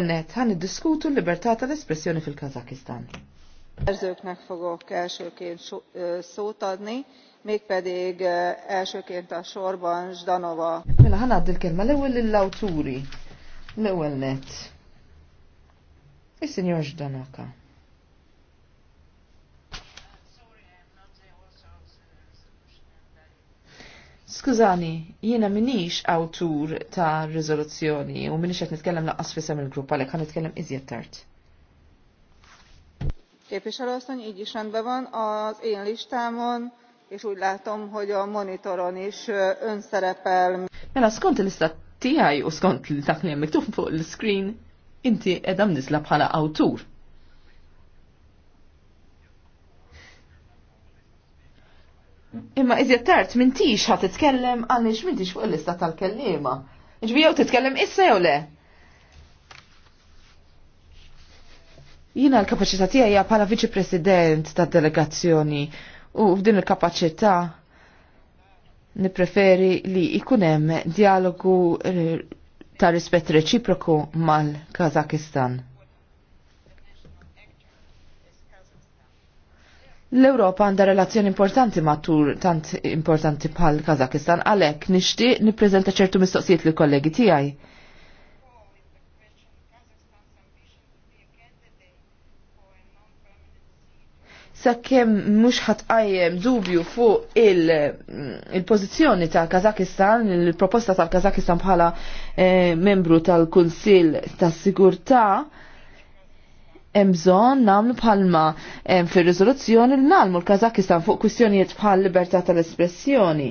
Annet, għan id diskutu l-libertà tal-espressjoni fil-Kazakistan. Erzőknek fogok elsőként szót adni, mégpedig elsőként a sorban Zsdanova. Mela ħan addil kelma l-ewel l lawturi lewell net. Is-senjor Zsdanoka. Skużani, jiena minix awtur ta' rizoluzzjoni u minix qed nitkellem laqqas fisem il-grupp għalhekk ħan nitkellem iżjed tard. Képviselő asszony, így is rendben van. Az én listámon és úgy látom, hogy a monitoron is ön szerepel. Mela skont l-lista tiegħi u skont dak li fuq l-screen, inti qegħda nisla bħala awtur. Imma iżjed tard mintix ħat titkellem għaliex mintix fuq il-lista tal-kellima. Ġbi jew titkellem issa jew le. Jina l-kapacità tiegħi hija bħala viċi president tad-delegazzjoni u f'din il-kapaċità nippreferi li jkun hemm dialogu eh, ta' rispett reċiproku mal-Kazakistan. L-Europa għandha relazzjoni importanti ma' tur tant importanti bħal Kazakistan għalhekk nixtieq nippreżenta ċertu mistoqsijiet li kollegi tiegħi. Sakkem mhux ħatqajjem dubju fuq il-pożizzjoni il ta' Kazakistan, il-proposta tal-Kazakistan bħala eh, membru tal-Kunsill tas-Sigurtà, ta emżon namlu palma em, fil rizoluzzjoni li nalmu l-Kazakistan fuq kwistjonijiet bħal libertà tal-espressjoni.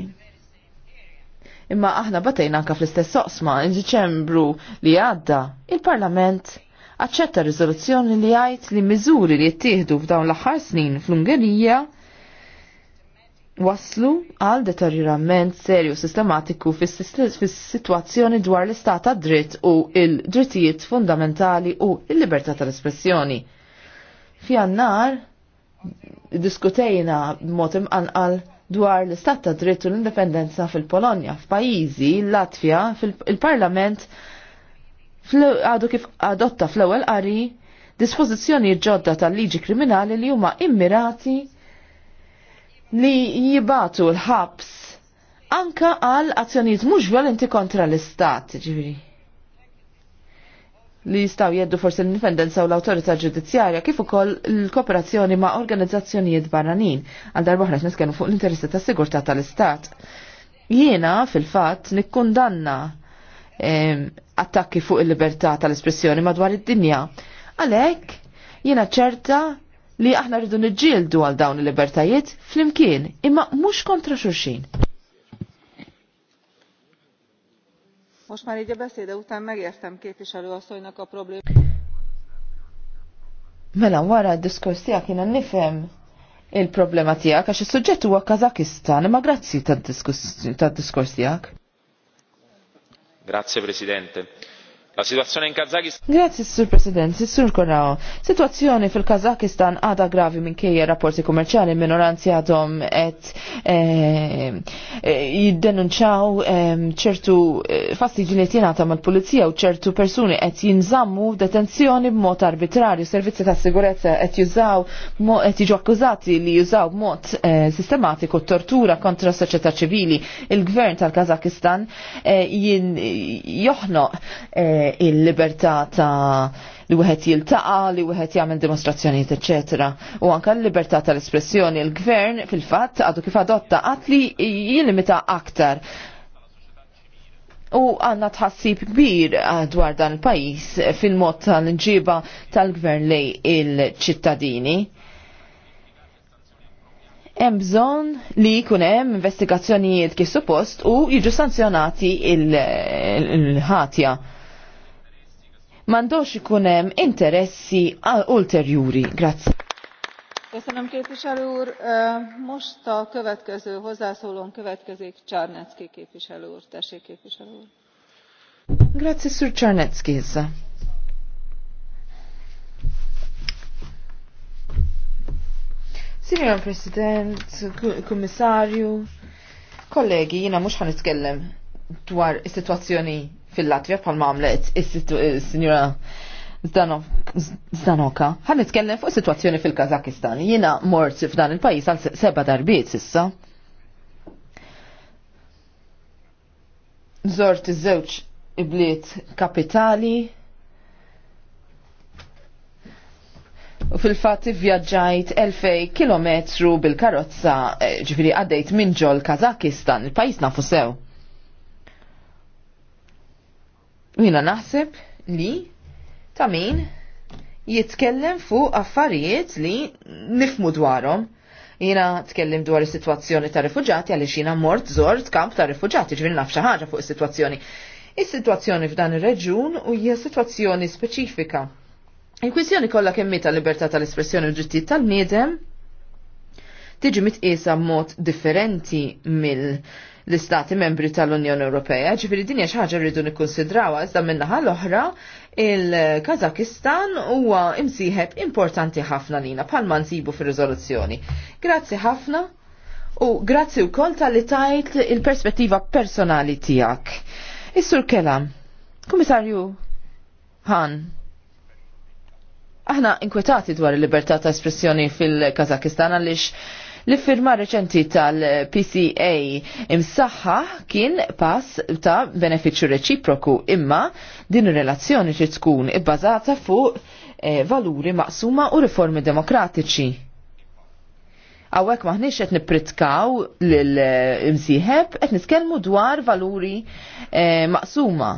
Imma aħna batejna anka fl-istess soqsma in-Diċembru li għadda il-Parlament aċċetta riżoluzzjoni li għajt li miżuri li jittieħdu f'dawn l-aħħar snin fl-Ungerija fl ungerija waslu għal deterjurament serju sistematiku fis-sitwazzjoni dwar l-istat ta' dritt u il-drittijiet fundamentali u il-libertà tal-espressjoni. Fjannar, diskutejna mod imqanqal dwar l-istat ta' dritt u l-indipendenza fil-Polonja, f'pajjiżi, l-Latvja, fil-Parlament għadu kif adotta fl-ewwel qari dispożizzjoni ġodda tal-liġi kriminali li huma immirati li jibatu l-ħabs anka għal azzjonijiet mhux violenti kontra l-istat, ġifieri. Li jistaw jeddu forsi l-indipendenza u l autorita ġudizzjarja kif ukoll l-kooperazzjoni ma' organizzazzjonijiet barranin għal darba ħraċ neskenu fuq l-interessi tas-sigurtà tal-istat. Jiena fil-fatt nikkundanna attakki fuq il-libertà tal-espressjoni madwar id-dinja. Għalhekk jiena ċerta li aħna rridu niġġieldu għal dawn il-libertajiet flimkien, imma mhux kontra xulxin. Most már így a beszéde után kif képviselő asszonynak ka problemi. Mela wara d-diskors tiegħek jiena nifhem il-problema tiegħek għax is-suġġett huwa Kazakistan, imma grazzi tad-diskors tiegħek. Grazie Presidente. La situazione in Kazakistan. Grazie, Sur President. Sir Korao. Situazione fil-Kazakistan għada gravi minkejja rapporti commerciali minoranzi għadhom et eh, eh, jiddenunċaw ehm, ċertu eh, fastidji li jtinata mal-pulizija u ċertu persuni et jinżammu detenzjoni b'mod arbitrarju. Servizzi ta' sigurezza et jużaw, et jiġu akkużati li jużaw b'mod sistematiku tortura kontra s-soċjetà ċivili. Il-gvern tal-Kazakistan joħnoq il-libertà ta' li wieħed jiltaqa, li wieħed jagħmel dimostrazzjonijiet, eċetera. U anke l-libertà tal-espressjoni l-gvern fil-fatt għadu kif adotta qatt li jilimita aktar. U għanna tħassib kbir eh, dwar dan il-pajis eh, fil-mod tal-ġiba tal-gvern li il-ċittadini. Hemm bżonn li jkun hemm investigazzjonijiet kif suppost u jiġu sanzjonati il-ħatja. il ħatja mandox ikunem interessi ulterjuri. Grazie. Köszönöm képviselő úr. Most a következő hozzászólón következik Csarnecki képviselő úr. Tessék képviselő úr. Grazie, Sir Csarnecki. issa. Signor President, Kummissarju, kollegi, jina mux ħan dwar situazzjoni fil latvija bħal mamlet is-sinjura Zdanoka. Għan nitkellem fuq situazzjoni fil-Kazakistan. Jina mort f'dan il-pajis għal seba darbiet sissa. Zort iż-żewġ ibliet kapitali. U fil fatt ivvjaġġajt 2000 kilometru bil-karozza eh, ġifieri għaddejt minn ġol Kazakistan, il-pajis nafu sew. Mina naħseb li ta' min jitkellem fuq affarijiet li nifmu dwarhom. Jina tkellim dwar is-sitwazzjoni ta' rifuġati għaliex jina mort zort kamp ta' rifuġati ġvin naf xi ħaġa fuq is-sitwazzjoni. Is-sitwazzjoni f'dan ir-reġun u hija sitwazzjoni speċifika. Il-kwistjoni kollha kemm ta' libertà tal-espressjoni u ġittijiet tal-niedem tiġi mitqiesa mod differenti mill l-istati membri tal-Unjoni Ewropea, ġifiri dinja ħaġa rridu nikkonsidraw iżda min-naħa l-oħra, il-Kazakistan huwa imsieħeb importanti ħafna lina bħalma nsibu fir-riżoluzzjoni. Grazzi ħafna u grazzi wkoll tal-li tajt il-perspettiva personali tiegħek. Is-Sur Kelam, komissarju Han, aħna inkwetati dwar il-libertà ta' espressjoni fil-Kazakistan għaliex L-firma reċenti tal-PCA imsaħħa kien pass ta' beneficju reċiproku imma din ir-relazzjoni ċi tkun ibbażata fuq e, valuri maqsuma u riformi demokratiċi għawek maħniċ qed nipritkaw l-imsieħeb, qed niskelmu dwar valuri e, maqsuma.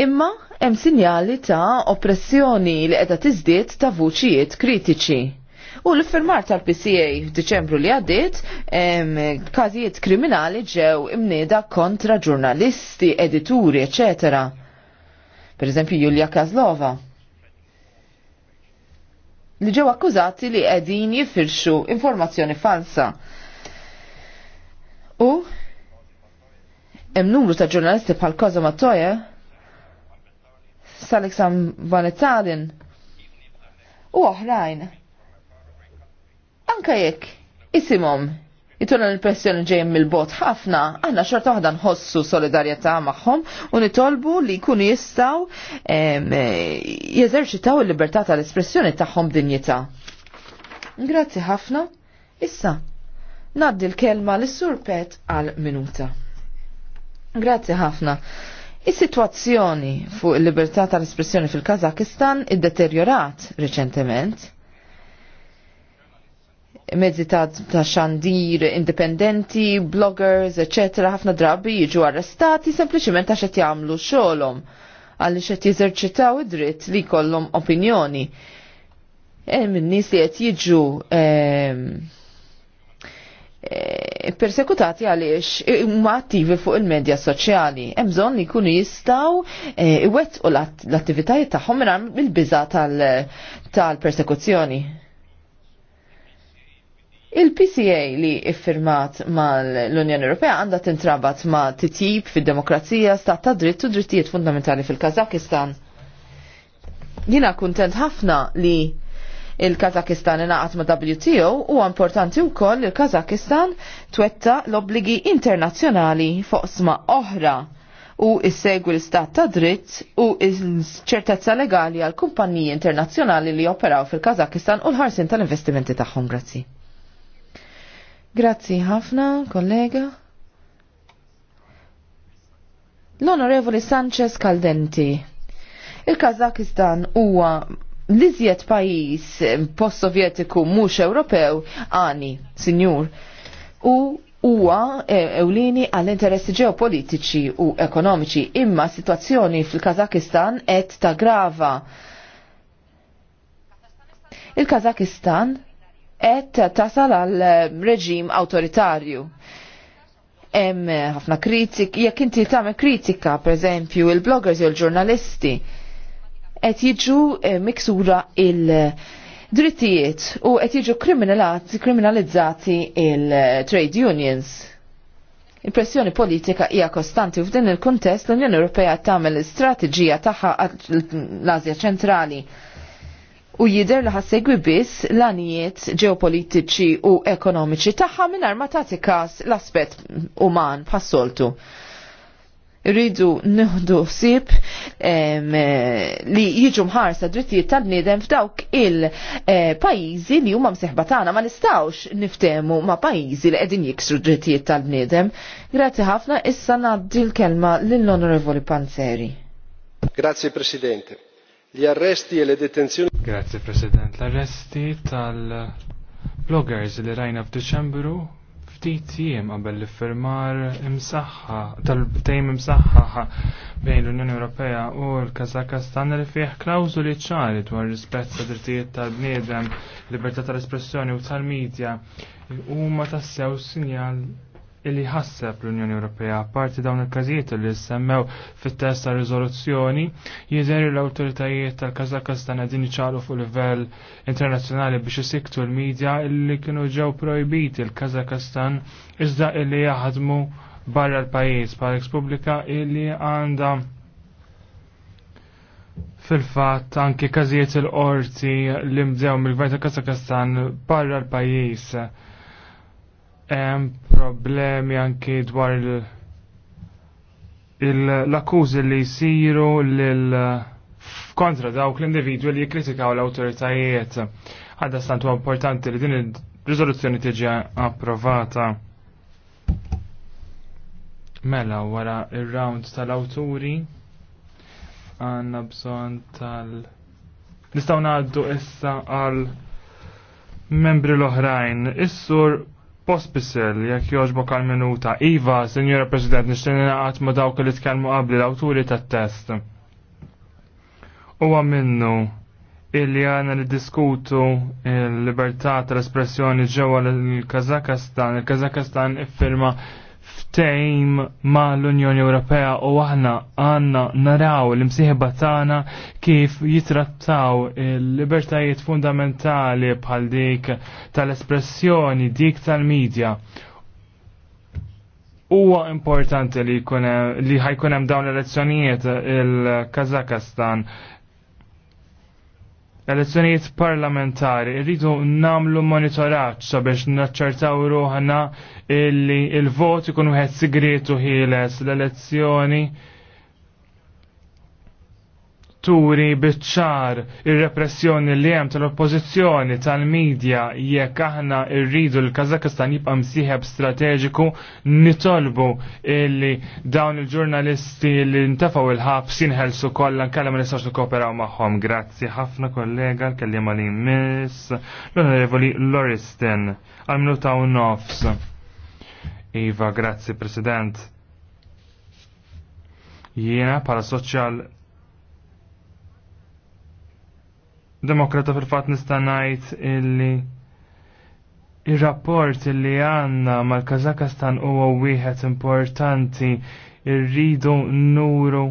Imma hemm sinjali ta' oppressjoni li qiegħda tiżdied ta' vuċijiet kritiċi. U l-firmar tal-PCA Deċembru li għaddit, kazijiet kriminali ġew imnida kontra ġurnalisti, edituri, ecc. Per eżempju Julia Kazlova. Li ġew akkużati li qegħdin jifirxu informazzjoni falsa. U hemm numru ta' ġurnalisti bħal Kozo Mattoja, Saleksam Vanettalin u oħrajn Anka jekk isimhom jitolna l-pressjoni ġejjem mill-bot ħafna, għanna xorta waħda nħossu solidarjetà magħhom u nitolbu li jkunu jistgħu eh, jeżerċitaw il-libertà tal-espressjoni tagħhom dinjità. Grazzi ħafna. Issa, naddi l-kelma l surpet għal minuta. Grazzi ħafna. Is-sitwazzjoni fuq il-libertà tal-espressjoni fil-Kazakistan id-deteriorat reċentement mezzi ta', ta xandir indipendenti, bloggers, etc. ħafna drabi jiġu arrestati sempliċement għax qed jagħmlu xogħolhom għaliex qed jeżerċitaw id-dritt li jkollhom opinjoni. Hemm in-nies li qed jiġu ehm, eh, persekutati għaliex huma attivi fuq il-medja soċjali. Hemm bżonn li jkunu jistgħu eh, iwettqu l-attivitajiet tagħhom mingħajr il-biża tal-persekuzzjoni. tal persekuzzjoni Il-PCA li iffirmat mal-Unjoni Ewropea għandha tintrabat ma' titjib fid-demokrazija, stat ta' dritt u drittijiet fundamentali fil-Kazakistan. Jina kuntent ħafna li il-Kazakistan inaqat ma' WTO u importanti wkoll il-Kazakistan twetta l-obbligi internazzjonali fuq sma oħra u issegwi l-istat ta' dritt u ċertezza legali għal kumpaniji internazzjonali li operaw fil-Kazakistan u l-ħarsin tal-investimenti tagħhom. Grazzi. Grazzi ħafna, kollega. L-Onorevoli Sanchez Caldenti. Il-Kazakistan huwa l-iżjed pajis post-sovjetiku mhux Ewropew għani, sinjur. U huwa e, ewlini għall interessi ġeopolitiċi u ekonomiċi imma situazzjoni fil-Kazakistan qed tagrava. Il-Kazakistan qed tasal għal eh, reġim autoritarju. Hemm eh, ħafna kritik, jekk inti tagħmel kritika, pereżempju, il-bloggers jew il-ġurnalisti qed jiġu eh, miksura il- drittijiet u qed jiġu kriminalizzati il-trade unions. Il-pressjoni politika hija kostanti u f'din il-kuntest l-Unjoni Ewropea tagħmel l-istrateġija tagħha l azja ċentrali u jider li ħassegwi biss l-anijiet ġeopolitiċi u ekonomiċi tagħha mingħajr ma tagħti każ l-aspett uman bħas-soltu. Rridu nieħdu ħsieb li jiġu mħarsa drittijiet tal-bniedem f'dawk il-pajjiżi li huma mseħba tagħna ma nistgħux niftemu ma' pajjiżi li qegħdin jiksru drittijiet tal-bniedem. Grazzi ħafna issa ngħaddi l-kelma lill-Onorevoli Panzeri. Grazie Presidente Gli arresti e le detenzioni. Grazie President. L-arresti tal-bloggers li rajna f'Diċembru ftit jiem qabel li fermar imsaħħa tal-tejm imsaħħa bejn l-Unjoni Ewropea u l-Kazakastan li fih klawżuli ċari dwar rispett ta' drittijiet tal-bniedem, libertà tal-espressjoni u tal-medja huma tassew sinjal illi ħasseb l-Unjoni Ewropea parti dawn il-każijiet li semmew fit-test ta' riżoluzzjoni jidher l-awtoritajiet tal-Kazakastan qegħdin iċalu fuq livell internazzjonali biex isiktu l-medja illi kienu ġew projbiti l-Kazakastan iżda illi jaħdmu barra l-pajjiż bħal Pubblika illi għandha fil-fatt anke każijiet il-qorti li mdew mill-Gvern ta' Kazakastan barra l-pajjiż problemi anki dwar l-akkużi li jisiru lil kontra dawk l-individwi li jikkritikaw l-autoritajiet. Għadda stantu importanti li din il-rizoluzzjoni tiġi approvata. Mela, wara il-round tal-awturi, għanna bżon tal-. Nistaw naħaddu issa għal membri l-oħrajn. Is-sur Pospisil, jekk joġbo għal minuta. Iva, Senjora President, nishtenin naqat ma dawk li tkellmu qabli l-awturi tat test. Huwa minnu illi għana li diskutu il-libertà tal-espressjoni ġewwa l-Kazakastan. Il-Kazakastan iffirma il ftejm ma l-Unjoni Ewropea u aħna għanna naraw l-imsieħba tagħna kif jitrattaw il-libertajiet fundamentali bħal dik tal-espressjoni dik tal-medja. Huwa importanti li jkun li ħajkun hemm dawn l-elezzjonijiet il-Kazakastan l-elezzjonijiet parlamentari rridu namlu monitoraċ sabiex naċċertaw ruħna illi il-vot ikun wieħed sigritu ħieles l-elezzjoni turi bitċar ir-repressjoni li hemm tal-oppożizzjoni tal-medja jekk aħna rridu l-Kazakistan jibqa' msieħeb strateġiku nitolbu illi dawn il-ġurnalisti li ntefgħu il-ħabs jinħelsu kollha nkellem ma nistax nikkooperaw magħhom. Grazzi ħafna kollega l-kelliem li miss l-Onorevoli Loristen għal-minuta u nofs. Iva, grazzi President. Jiena pala soċjal demokrata fil-fat nistanajt illi il-rapport illi għanna mal-Kazakastan huwa wieħed importanti irridu nuru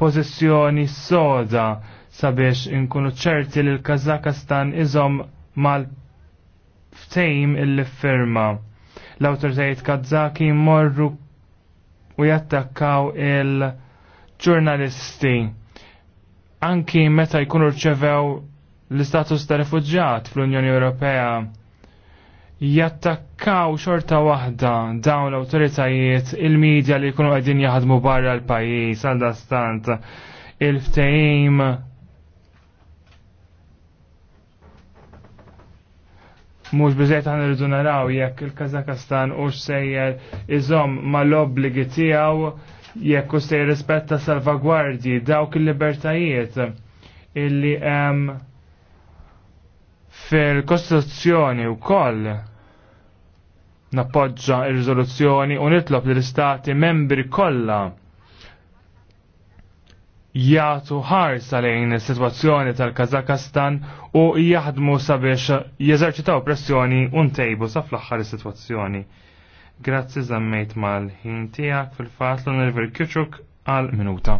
pożizzjoni soda sabiex inkunu ċerti li l-Kazakastan iżom mal-ftejm illi firma. L-autoritajiet Kazaki morru u jattakkaw il-ġurnalisti anki meta jkunu rċevew l-istatus ta' refugġat fl-Unjoni Ewropea jattakkaw xorta waħda dawn l-autoritajiet il-medja li jkunu għedin jaħdmu barra l-pajis għal stant il-ftejim mux bizzejt għan irridu naraw jekk il-Kazakastan ux sejjer iżom ma l-obligi tijaw jekk se jirrispetta salvagwardji dawk il-libertajiet illi hemm fil-Kostituzzjoni wkoll nappoġġa ir-riżoluzzjoni u nitlob l istati membri kollha jagħtu ħarsa lejn is-sitwazzjoni tal-Kazakastan u jaħdmu sabiex jeżerċitaw pressjoni u ntejbu sa fl-aħħar is-sitwazzjoni. Grazzi zammejt mal-ħin tijak fil-fat l-Nerver Kiċuk għal-minuta.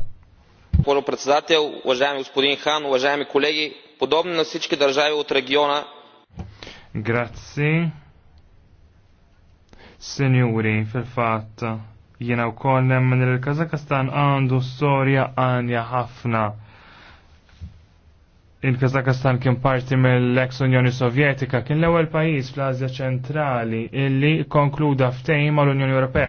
Пълно председател, уважаеми господин ħan, уважаеми kolegi, podobni na siċki държави от региона. Grazzi. Senjuri, fil fat jena u kollem minn il-Kazakastan għandu storja għanja ħafna il-Kazakastan kien parti mill-ex Unjoni Sovjetika kien l-ewwel pajjiż fl-Asja ċentrali illi konkluda ftehim mal-Unjoni Ewropea.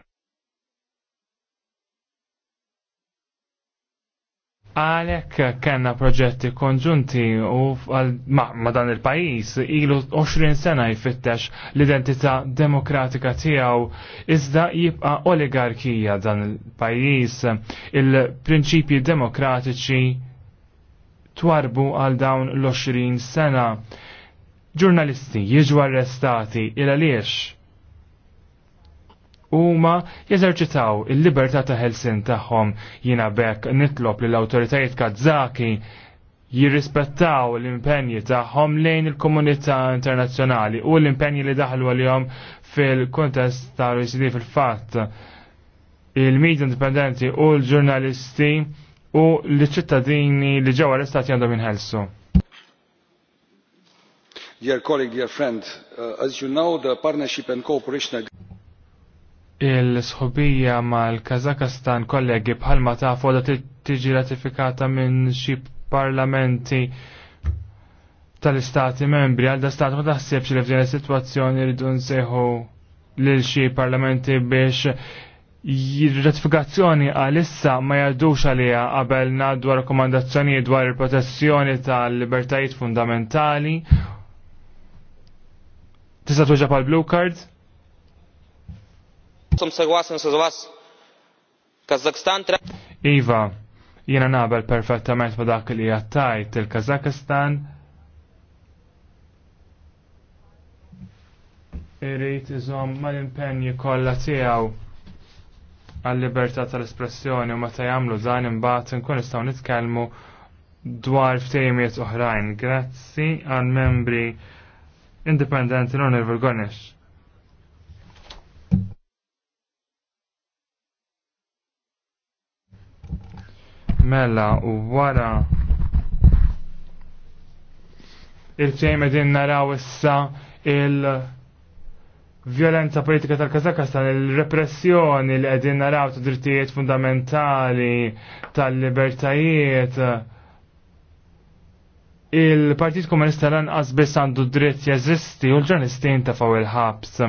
Għalek kena proġetti konġunti u ma, dan il-pajis ilu 20 sena jfittex l-identità demokratika tijaw iżda jibqa oligarkija dan il-pajis il-prinċipji demokratiċi twarbu għal dawn l-20 sena. Ġurnalisti jiġu arrestati il għaliex huma jeżerċitaw il-libertà ta' Helsin tagħhom jiena bekk nitlob l awtoritajiet Kazzaki jirrispettaw l-impenji tagħhom lejn il-komunità internazzjonali u l-impenji li daħlu għalihom fil-kontest tal-OECD fil-fatt il-medja indipendenti u l-ġurnalisti u li ċittadini li ġewwa l-istati għandhom inħelsu. Dear colleague, dear friend, uh, as you know, the partnership and cooperation il-sħobija mal-Kazakastan kollegi bħalma ta' foda tiġi ratifikata minn xi parlamenti tal-istati membri għal stat ma taħsibx li f'din is-sitwazzjoni rridu nsejħu lil xi parlamenti biex Ratifikazzjoni għalissa ma jadux għalija qabel naddu rakkomandazzjoni dwar il-protezzjoni tal-libertajiet fundamentali. Tista' tuġa pal blue card? Iva, jiena nabel perfettament ma dak li jattajt il-Kazakistan. Irrit iżom mal impenni kollha tiegħu għal-libertà tal-espressjoni u meta jagħmlu dan imbagħad inkun nistgħu nitkellmu dwar ftejmiet oħrajn. Grazzi għal membri indipendenti l-Onorevol Gonesh. Mela u wara il-ftejm naraw issa il- violenza politika tal-Kazakastan, il-repressjoni li qegħdin naraw ta' drittijiet fundamentali tal-libertajiet. Il-Partit Komunista lanqas biss għandu dritt jeżisti u l-ġurnalisti intafaw il-ħabs.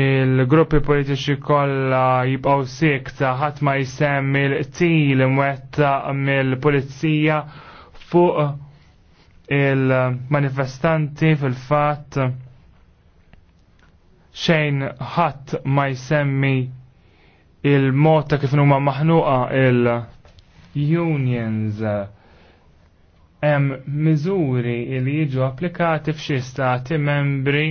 Il-gruppi politiċi kollha jibqgħu ta' ħadd ma jsemmi l-qtil imwetta mill-pulizija fuq il-manifestanti fil-fatt xejn ħadd ma jsemmi il-mod ta' kif huma maħnuqa il-unions hemm miżuri li jiġu applikati f'xi stati membri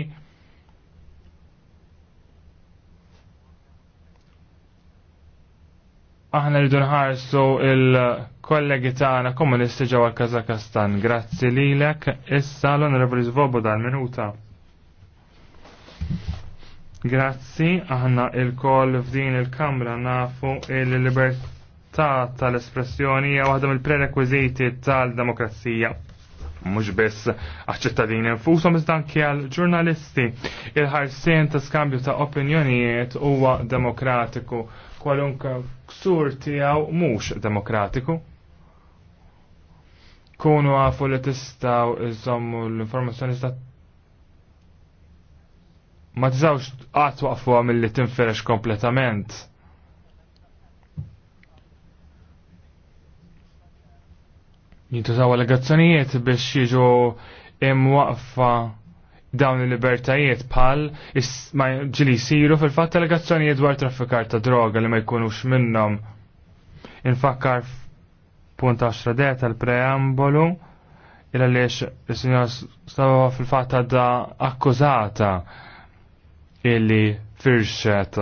aħna rridu nħarsu il-kollegi tagħna komunisti ġewwa Kazakastan. Grazzi lilek, issa l-Onorevoli Svoboda dal minuta Grazzi, aħna il-koll f'din il-kamra nafu il-libertà tal-espressjoni hija waħda mill prerequisiti tal-demokrazija. Mhux biss għaċ infusom infushom iżda għal ġurnalisti. Il-ħarsien ta' skambju ta' opinjonijiet huwa demokratiku. Kwalunkwe ksur tiegħu mhux demokratiku kunu għafu li tistaw iżommu l-informazzjoni ma tżawx qatt waqfuha milli tinferex kompletament. Jintużaw allegazzjonijiet biex jiġu imwaqfa dawn il-libertajiet bħal ġili siru fil-fatt allegazzjonijiet dwar traffikar ta' droga li ma jkunux minnhom. Infakkar punt 10 d tal-preambolu il għaliex il-sinjor stawa fil-fatt da akkużata illi firxet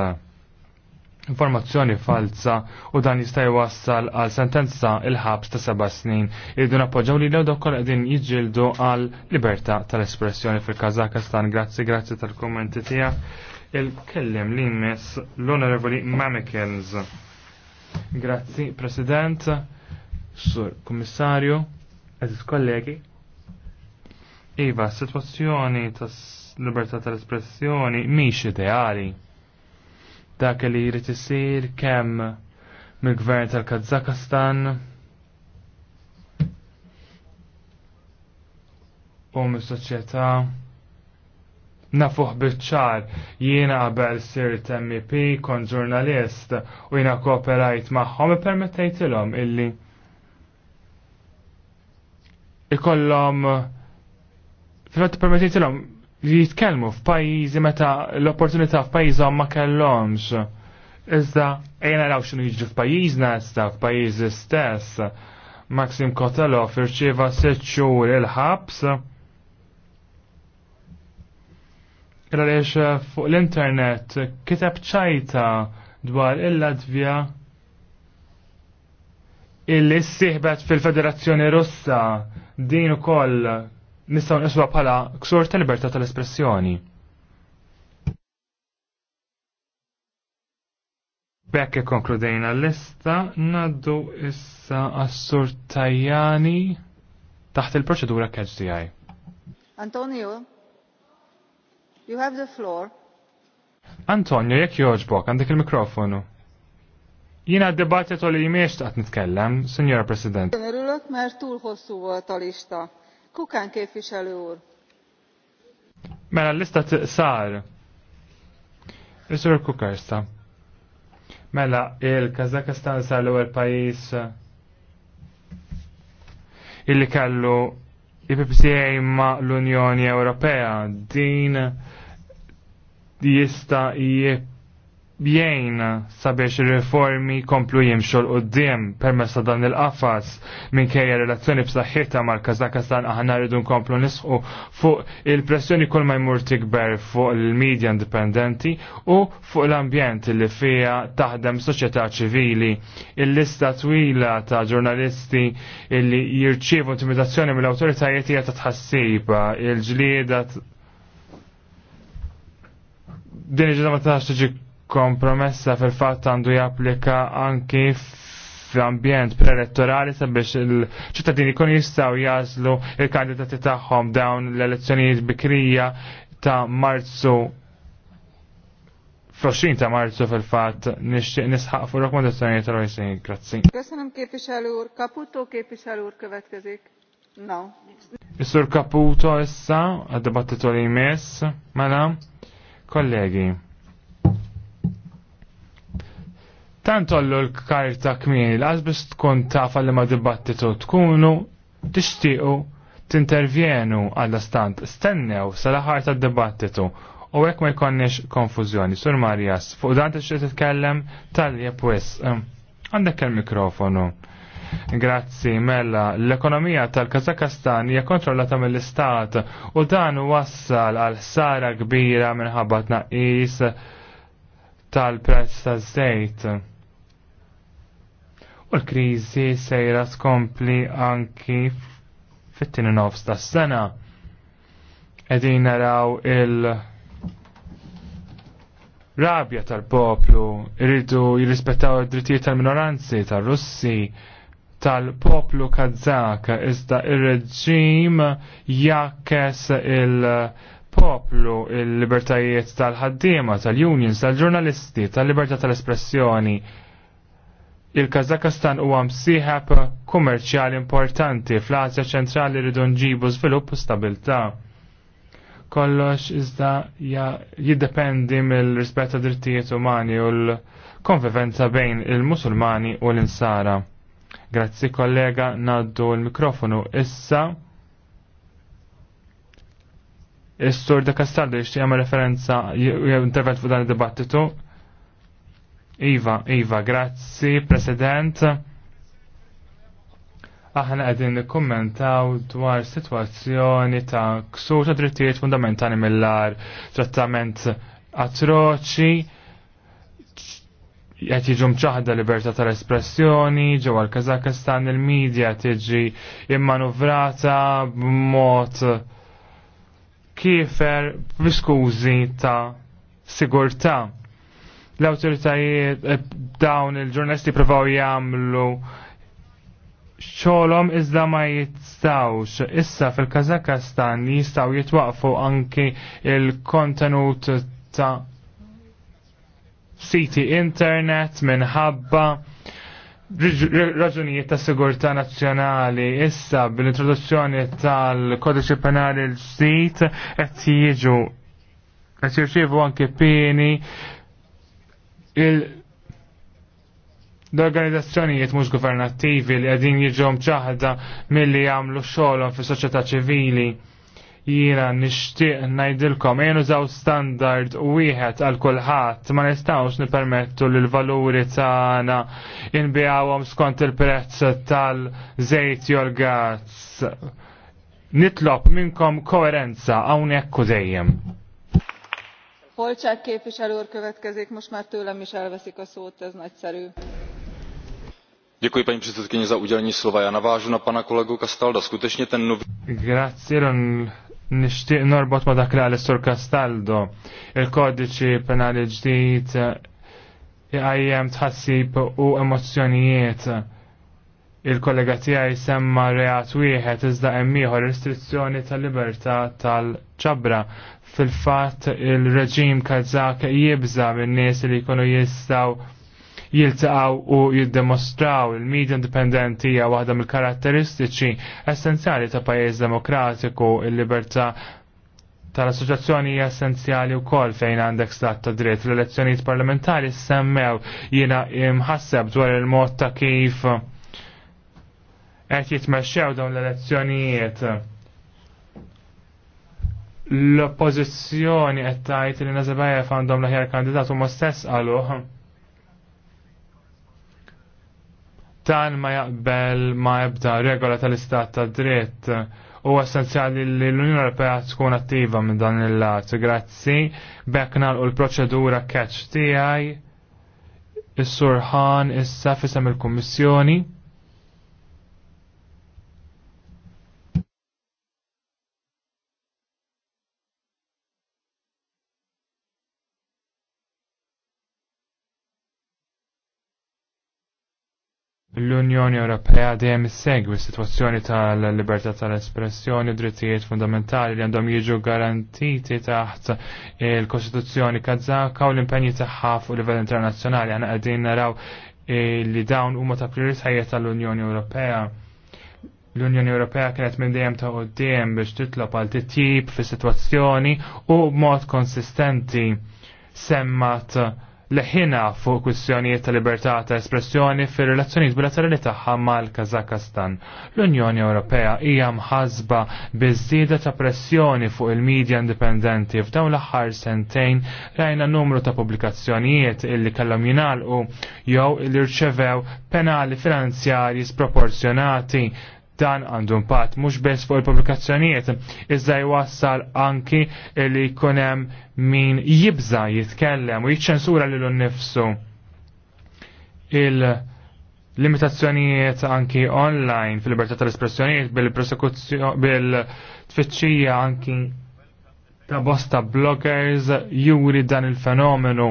informazzjoni falsa u dan jista' jwassal għal sentenza il-ħabs ta' seba' snin. Irridu nappoġġaw li l-ewdok kol qegħdin jiġġieldu għal libertà tal-espressjoni fil-Kazakistan. Grazzi, grazzi tal-kummenti tiegħek. Il-kellim li jmiss l-Onorevoli Mamikens. Grazzi, President, Sur Kummissarju, Eżis kollegi. Iva, situazzjoni tas libertà tal-espressjoni mhix ideali. Dak li jrid isir kemm mill-gvern tal-Kazakastan u mis-soċjetà nafuħ bitċar jiena qabel sirt MEP kon ġurnalist u jiena kooperajt maħħom i permettejtilom illi ikollom Fil-fat li jitkellmu f'pajjiżi meta l-opportunità f'pajjiżhom ma kellhomx. Iżda ejja naraw x'inhu jiġri f'pajjiżna issa f'pajjiżi stess. Maxim Kotelov irċieva sitt xhur il-ħabs. Għaliex eh, fuq l-internet kiteb ċajta dwar il-Latvja illi s-sihbet fil-Federazzjoni Russa din ukoll nistgħu nisuha bħala ksur tal-libertà tal-espressjoni. Bekk konkludejna l-lista, naddu issa għas-sur Tajani taħt il-proċedura catch Antonio, you have the floor. Antonio, jekk joġbok, għandek il-mikrofonu. Jina d-debattet li jimiex taqt nitkellem, Signora President. Örülök, mert túl hosszú tal-ista. Kukan képviselő úr. Mela l-lista sar. Isur Kukarsa. Mela il-Kazakistan sar l-ewwel pajjiż illi kellu il-PPCA ma l-Unjoni Ewropea din jista' jib jgħin sabiex il-reformi komplu u d qoddim per dan il-qafas minn kajja relazzjoni b'saħħita mal kazakastan aħna rridu nkomplu nisqu fuq il-pressjoni kol ma jmur tikber fuq il-medja indipendenti u fuq l-ambjent li fija taħdem soċjetà ċivili. Il-lista twila ta' ġurnalisti li jirċievu intimidazzjoni mill-awtoritajiet hija ta' tħassib il-ġlieda din iġda ma taħx tiġi kompromessa fil-fatt għandu japplika anki fl-ambjent pre-elettorali sabiex il-ċittadini kun jistaw jazlu il-kandidati tagħhom dawn l-elezzjonijiet bikrija ta' marzu fl-20 ta' marzu fil-fat nisħaq fuq rakkomandazzjoni tal-OECD. E. Grazzi. Kessanem képviselő xalur, kaputo képviselő xalur következik. No. Is-sur issa għad debattitu li jmiss, mela, kollegi. Tant ollu l-karta kmini, l-azbis tkun taf li ma dibattitu tkunu, tishtiqu, tintervjenu għalla stant, stennew sal-ħar ta' dibattitu u għek ma jkonniex konfuzjoni. Sur Marjas, fuq dan t-xtiq tkellem tal-jeb wis. Għandek il-mikrofonu. Grazzi, Mella. L-ekonomija tal-Kazakastan hija kontrollata mill-Istat u dan wassal għal ħsara kbira minħabba tnaqqis tal-prezz taż-żejt u l-kriżi sejra skompli anki fit-tieni nofs tas-sena. Qegħdin naraw il- rabja tal-poplu, irridu jirrispettaw id-drittijiet tal-minoranzi, tal-Russi, tal-poplu kazzak, iżda ir-reġim jakkes il-poplu, il-libertajiet tal-ħaddiema, tal-unions, tal-ġurnalisti, tal-libertà tal-espressjoni, tal ħaddiema tal unions tal ġurnalisti tal libertà tal espressjoni Il-Kazakastan huwa siħab kummerċjali importanti fl azja ċentrali rridu nġibu żvilupp u stabilta. Kollox iżda jiddependi mill-rispett ta' drittijiet umani u l-konvivenza bejn il-Musulmani u l-Insara. Grazzi kollega naddu l-mikrofonu issa. Is-sur de Castaldo jixtieq referenza intervent f'dan dan id-dibattitu. Iva, Iva, grazzi, President. Aħna għedin kommentaw dwar situazzjoni ta' ksur ta' drittijiet fundamentali mill ar trattament atroċi, qed jiġu ċaħda libertà tal-espressjoni ġewwa l-Kazakistan il-medja tiġi immanovrata b'mod kiefer b'skużi ta' sigurtà l-autoritajiet eh, dawn il-ġurnalisti provaw jagħmlu xolom iżda ma jistawx. Issa fil-Kazakastan jistaw jitwaqfu anki il-kontenut ta' siti internet minħabba raġunijiet ta' sigurta nazzjonali issa bil-introduzzjoni tal-kodiċi penali l sit qed jiġu qed jirċievu anke pieni l-organizzazzjonijiet mhux governattivi li qegħdin jiġu mċaħda milli jagħmlu xogħolhom fis-soċjetà ċivili jiena nixtieq ngħidilkom jenu żaw standard wieħed għal kulħadd ma nistgħux nipermettu li l-valuri tagħna inbijawhom skont il-prezz tal-żejt jew l-gazz. Nitlob minnkom koerenza hawnhekk u dejjem polk képviselő úr következik most már tőlem is elveszik a szót ez nagyszerű. paní já navážu na pana kolegu castalda skutečně ten nový. Nishtiq norbot ma dak li għal sur Castaldo. Il-kodiċi penali ġdijt, jgħajjem e- tħassib u emozzjonijiet il-kollega tiegħi semma reat wieħed iżda hemm ieħor restrizzjoni tal-libertà tal-ċabra. Fil-fatt il-reġim Kazak jibża min-nies li jkunu jistgħu jiltaqgħu u jiddemostraw il-medja indipendenti hija waħda mill-karatteristiċi essenzjali ta' pajjiż demokratiku il-libertà tal-assoċjazzjoni hija essenzjali wkoll fejn għandek stat ta' dritt. L-elezzjonijiet parlamentari semmew jiena imħasseb dwar il-mod ta' kif qed jitmexxew dawn l-elezzjonijiet. L-oppożizzjoni qed tgħid li Nazarbayev għandhom l-aħjar kandidat huma stess qaluh. Dan ma jaqbel ma ebda regola tal-istat tad dritt u essenzjali li l-Unjoni Ewropea tkun attiva minn dan il-lat. Grazzi, bekk nagħlqu l-proċedura catch tiegħi. Is-Surħan issa fisem il-Kummissjoni. l-Unjoni Ewropea dejjem issegwi s-sitwazzjoni tal-libertà tal-espressjoni, drittijiet fundamentali li għandhom jiġu garantiti taħt il-Kostituzzjoni Kazaka u l-impenji tagħha fuq livell internazzjonali għandna qegħdin naraw li dawn huma ta' prioritajiet tal-Unjoni Ewropea. L-Unjoni Ewropea kienet minn dejjem ta' qudiem biex titlob għal titjib fis-sitwazzjoni u b'mod konsistenti semmat leħina fuq kwistjonijiet ta' libertà ta' espressjoni fir relazzjonijiet bilaterali tagħha mal-Kazakastan. L-Unjoni Ewropea hija mħasba biżieda ta' pressjoni fuq il-medja indipendenti f'dawn l-aħħar sentejn rajna numru ta' pubblikazzjonijiet illi kellhom jingħalqu jew li rċevew penali finanzjarji sproporzjonati Dan għandu impatt mhux biss fuq il-pubblikazzjonijiet, iżda jwassal anki li jkun hemm min jibża jitkellem u jiċċensura lil nnifsu. Il- limitazzjonijiet anki online fil-libertà tal-espressjonijiet bil-prosekuzzjoni bil-tfittxija anki ta' bosta bloggers juri dan il-fenomenu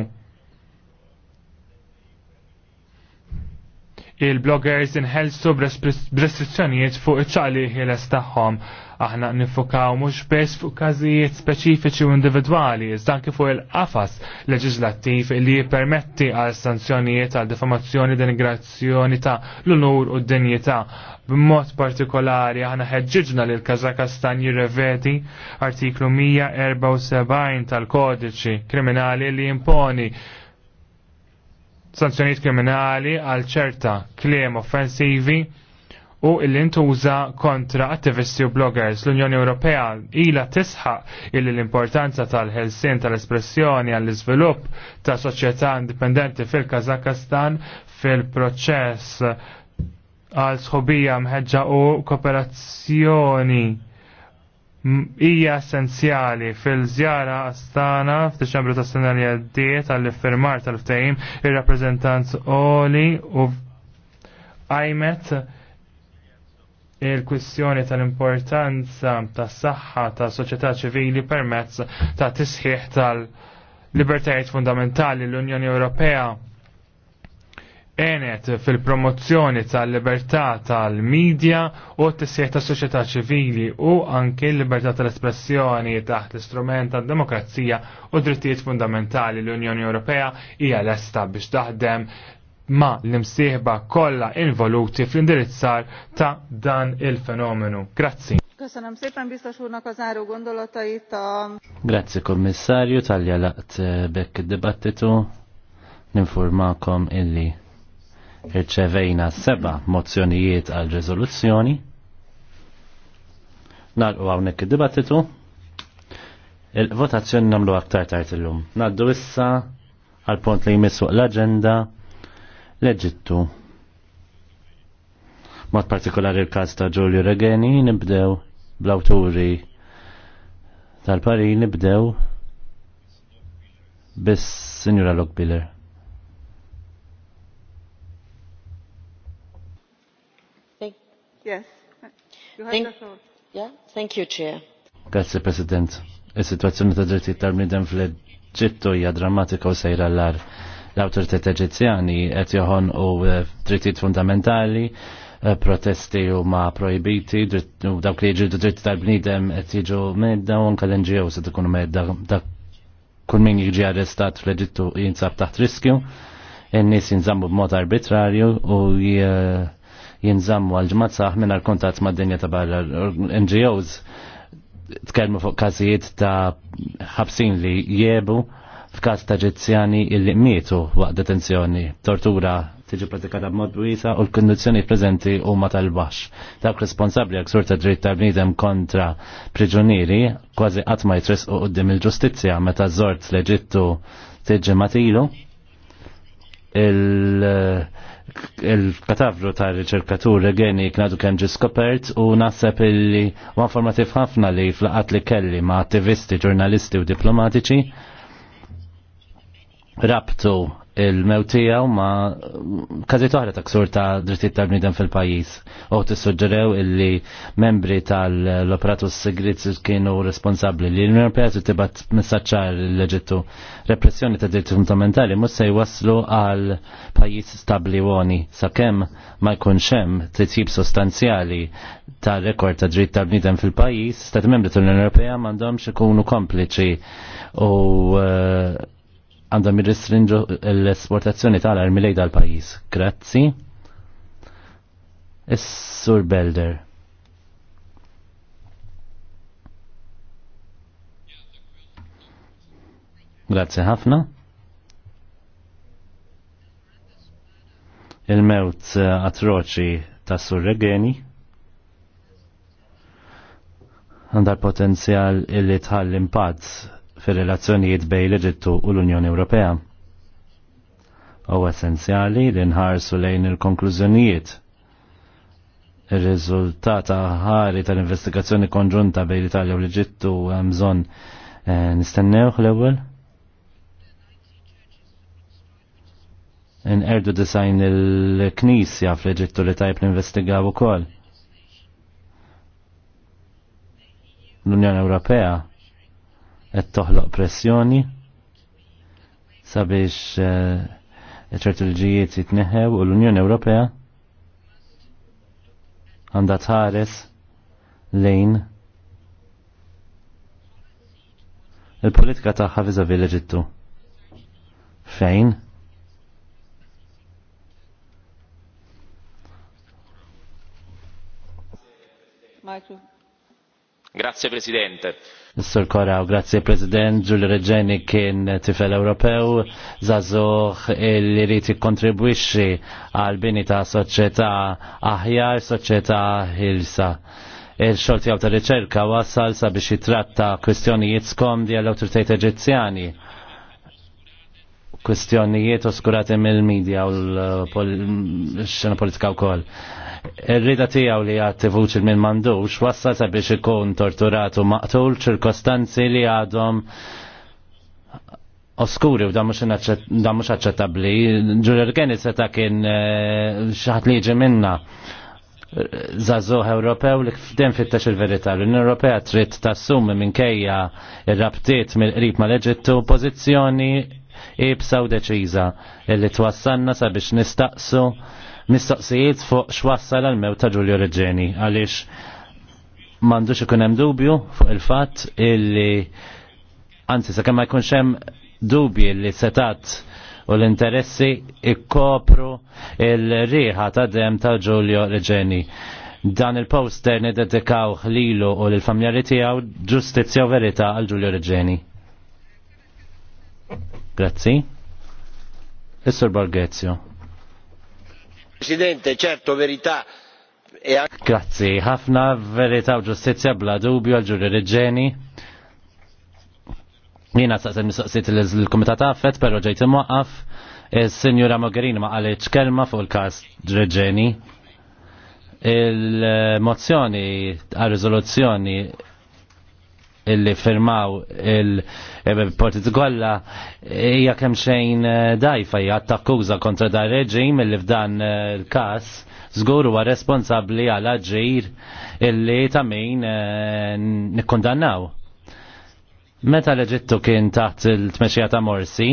il-bloggers inħelsu b'res-restrizzjonijiet fuq iċ-ċali taħħom. tagħhom. Aħna nifukaw mhux bes fuq każijiet speċifiċi u individwali, iżda anke fuq il-qafas leġislattiv li jippermetti għal sanzjonijiet għal diffamazzjoni denigrazzjoni ta' l-unur u d-dinjità. B'mod partikolari aħna ħeġġiġna l Kazakastan jirreveti artiklu 174 tal-kodiċi kriminali li imponi sanzjonijiet kriminali għal ċerta kliem offensivi u l-intuża kontra attivisti u bloggers. L-Unjoni Ewropea ila tisħaq illi l-importanza tal-ħelsin tal-espressjoni għall-iżvilupp ta' soċjetà indipendenti fil-Kazakastan fil-proċess għal sħobija mħedġa u kooperazzjoni hija essenzjali fil-żjara astana f'Diċembru tas-sena li għaddiet għall-iffirmar tal-ftehim ir rappreżentanz Oli u għajmet il-kwistjoni tal-importanza tas-saħħa tas-soċjetà ċivili permezz ta' tisħiħ tal-libertajiet fundamentali l-Unjoni Ewropea enet fil-promozzjoni tal-libertà tal-medja u t-tisjeħ ta' soċjetà ċivili u anke l-libertà tal-espressjoni taħt l-istrument tal demokrazija u drittijiet fundamentali l-Unjoni Ewropea hija lesta biex taħdem ma l-imsieħba kollha involuti fl-indirizzar ta' dan il-fenomenu. Grazzi. Köszönöm szépen biztos úrnak az záró gondolatait a... Grazie kommissarju tal bekk id-dibattitu ninformakom illi irċevejna seba mozzjonijiet għal rezoluzzjoni. Nalqu għawnek id-dibattitu. Il-votazzjoni namlu aktar tard illum. Naddu issa għal punt li jmissu l-agenda leġittu. Mod partikolari il-każ ta' Giulio Regeni nibdew bl-awturi tal-pari nibdew bis sinjura Lockbiller. Yes. Thank, you, Chair. Grazie, President. Is-sitwazzjoni ta' drittijiet tal-bniedem fl-Eġittu hija drammatika u sejra l-ar. L-awtoritet Eġizzjani qed joħon u eh, drittijiet fundamentali, eh, protesti u ma projbiti, u dawk li jiġu dritti tal-bniedem qed jiġu medda u anke l-NGOs qed medda dak kull min jiġi arrestat fl-Eġittu jinsab taħt riskju, in-nies jinżammu b'mod arbitrarju u eh, jinżammu għal ġmat saħ minn kontat ma' dinja ta' barra NGOs tkellmu fuq każijiet ta' ħabsin li jiebu f'każ ta' ġizzjani illi mietu waqt detenzjoni, tortura tiġi pratikata b'mod wiesa u l prezenti preżenti huma tal-baxx. Dak responsabbli għak surta dritt ta' bniedem kontra priġunieri kważi qatt ma jitresqu qudiem il-ġustizzja meta żort l-Eġittu tiġi matilu il-katavru ta' riċerkatur geni knadu kien skopert u naħseb illi u informativ ħafna li flaqat li kelli ma' attivisti, ġurnalisti u diplomatiċi rabtu il-mewtija ma kazi toħra ta' ksur ta' drittijiet ta' bnidem fil-pajis. U tissuġġerew illi membri tal-operatus segret kienu responsabli li l-Unjoni Ewropea tibat messaċċar l leġittu Repressjoni ta' diritti fundamentali mhux se jwaslu għal pajis stabli woni sakemm ma jkunx hemm titjib sostanzjali ta' rekord ta' dritt ta' bnidem fil-pajis, stat membri tal-Unjoni Ewropea m'għandhomx ikunu kompliċi u eh, għandhom jirristrinġu l-esportazzjoni tal-armi lejda l-pajis. Grazzi. Is-Sur Belder. Grazzi ħafna. Il-mewt eh, atroċi ta' Sur Regeni għandha potenzjal illi tħallim impatt fir-relazzjonijiet bejn l-Eġittu u l-Unjoni Ewropea. U essenzjali li nħarsu lejn il-konklużjonijiet. Il-rizultata ħari tal-investigazzjoni konġunta bejn l-Italja u l-Eġittu hemm bżonn eh, nistennew l-ewwel. Erdu design il-Knisja fl-Eġittu li tajb investigaw ukoll. L-Unjoni Ewropea qed toħloq pressjoni sabiex eh, ċertu l-ġijiet jitneħew u l-Unjoni Ewropea għandha tħares lejn il-politika tagħha viżavi l-Eġittu. Fejn? Grazie Presidente. Sur Koraw, grazie President, Giulio Reġeni kien tifel Ewropew, zazuħ il riti kontribwixi għal bini ta' soċieta aħjar, soċieta ħilsa. Il-xolti għaw ta' riċerka wasal sabiex jitratta kwistjonijiet skomdi għall-autoritajt eġizzjani kwestjonijiet oskurati mill-medja u l-xena politika u koll. Ir-rida tiegħu li għad vuċi minn mandux wassal sabiex ikun torturatu maqtul ċirkostanzi li għadhom oskuri u da mux aċċettabli. Ġurjer Kenny seta kien eh, xaħat liġi minna zazuħ Ewropew li f'dem fittax il-verità. L-Unjoni Ewropea trid tassumi minkejja il rabtiet mill-qrib mal-Eġittu pożizzjoni ibsa u deċiża illi twassalna sabiex nistaqsu mistoqsijiet fuq xwassal għal mew ta' Ġulju Reġeni għaliex m'għandux ikun hemm dubju fuq il-fatt illi anzi sakemm ma jkunx hemm dubji li setat u l-interessi ikkopru il-riħa ta' dem ta' Ġulju Reġeni dan il-poster nededikaw ħlilu u l-familjari tijaw ġustizja u verita għal giulio Reġeni. Grazzi. Is-Sur Borghezio. Presidente, certo verità e anche... Grazzi, ħafna verità u ġustizzja bla dubju għal ġuri reġeni. Jina saqsem nisoqsit l-Komitat Affet, pero ġejt imwaqqaf. Il-Sinjura Mogherini ma qalet kelma fuq il-kas reġeni. Il-mozzjoni għal riżoluzzjoni illi firmaw il-partiti kollha hija kemm xejn eh, dajfa hija attakkuża kontra dar reġim illi f'dan eh, il-każ żgur huwa responsabbli għal aġir illi ta' min eh, nikkundannaw. Meta l-Eġittu kien taħt il tmexija ta' Morsi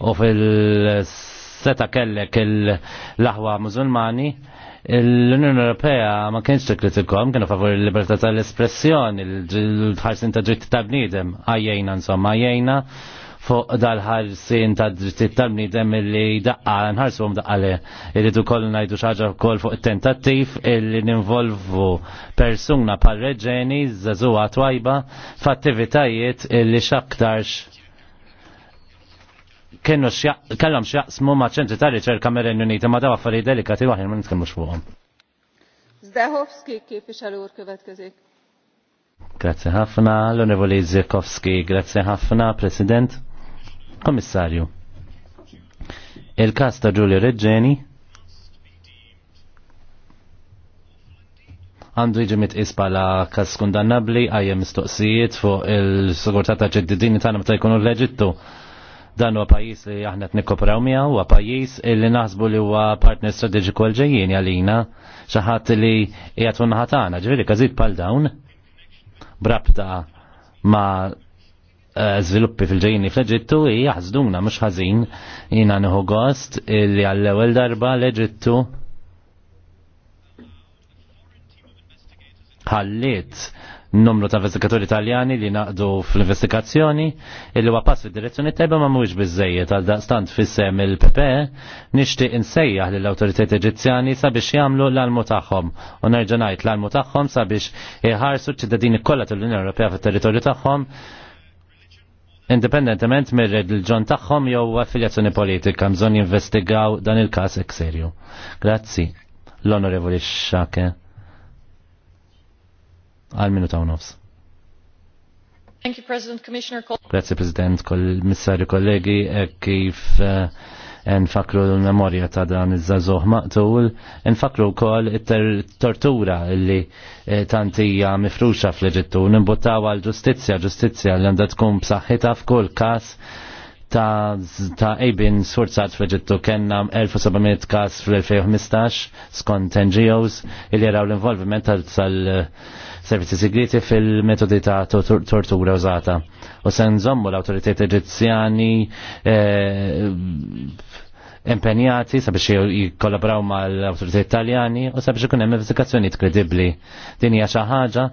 u fil-seta kellek il-laħwa mużulmani, l-Unjoni Ewropea ma kienx tikritikom, kienu favur il-libertà tal-espressjoni, l-ħarsin ta' dritti ta' bniedem, għajjejna insomma, għajjejna fuq dal-ħarsin ta' dritti ta' bniedem illi daqqa, nħarsu għom daqqa li rridu kollu najdu xaġa kol fuq tentattiv illi ninvolvu persuna pal reġeni zazuwa twajba f'attivitajiet illi xaktarx kienu kellhom x'jaqsmu ma' ċentri ta' riċerka mir-Renju Uniti ma' daw affarijiet delikati waħin ma nitkellmux fuqhom. Zdehovski képviselő ur következik. Grazie ħafna, l-Onorevoli Zekowski, grazie ħafna, President, Komissarju. Il-kas ta' Giulio Reggeni għandu jiġi mitqis bħala kas kundannabli għajjem mistoqsijiet fuq il-sigurtà ta' ġeddidini tagħna meta jkunu l-leġittu Dan huwa pajjiż li aħna qed nikkopraw miegħu, huwa pajjiż li naħsbu li huwa partner strateġiku għal ġejjin għalina, xi ħadd li qiegħed fuq tagħna, ġifieri każid bħal dawn brabta ma' eh, żviluppi fil-ġejjini fl-Eġittu hi ħażduna mhux ħażin jiena nieħu gost li għall-ewwel darba l-Eġittu ħalliet numru ta' investigaturi italjani li naqdu fl-investigazzjoni illi huwa pass fid-direzzjoni tajba ma mhuwiex biżejjed għal daqstant fissem il-PP e. nixtieq insejjaħ lill awtoritajiet Eġizzjani sabiex jagħmlu l-almu tagħhom u nerġa' ngħid l-almu tagħhom sabiex iħarsu ċ-ċittadini kollha tal-Unjoni Ewropea fit-territorju tagħhom indipendentement mir il-ġon tagħhom jew affiljazzjoni politika bżonn jinvestigaw dan il-każ ek serju. Grazzi. L-Onorevoli Xake għal minuta u nofs. Thank you, President, Commissioner. Grazie, President, Kommissarju, kollegi, e kif e, nfakru l-memoria ta' dan iż-żazuħ maqtul, nfakru kol it-tortura li e, tantija mifruxa fl-ġittu, nimbottaw għal ġustizja, ġustizja li għandha tkun b'saħħitha f'kull kas ta' ta' ejbin surzat fl ġittu kena 1700 kas fl-2015 skont NGOs il jaraw l-involviment tal-servizzi sigriti fil-metodi ta' tortura użata. U sen zommu l-autoritet eġizjani eh, impenjati sabiex ma' mal-autoritet italjani u sabiex ikun hemm investigazzjonijiet kredibbli. Din hija xi ħaġa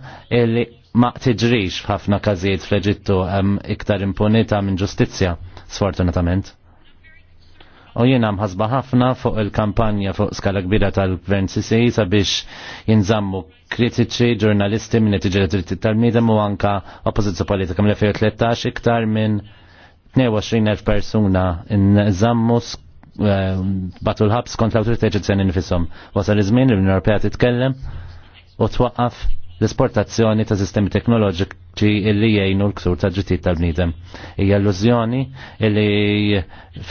li ma tiġrix f'ħafna każijiet fl-Eġittu hemm iktar impunita minn ġustizzja sfortunatament. U jiena ħasba ħafna fuq il-kampanja fuq skala kbira tal-Gvern Sisi sabiex jinżammu kritiċi, ġurnalisti minn it-tiġi tal-midem u anka oppożizzju politika mill-2013 iktar minn 22.000 persuna nżammu eh, batu l-ħabs kont l-autorità ġizzjoni nifisom. Wasal iż-żmien l-Unjoni Ewropea titkellem u twaqqaf l-esportazzjoni ta' sistemi teknoloġiċi illi jgħinu l-ksur ta' ġitit tal-bnidem. Hija illużjoni illi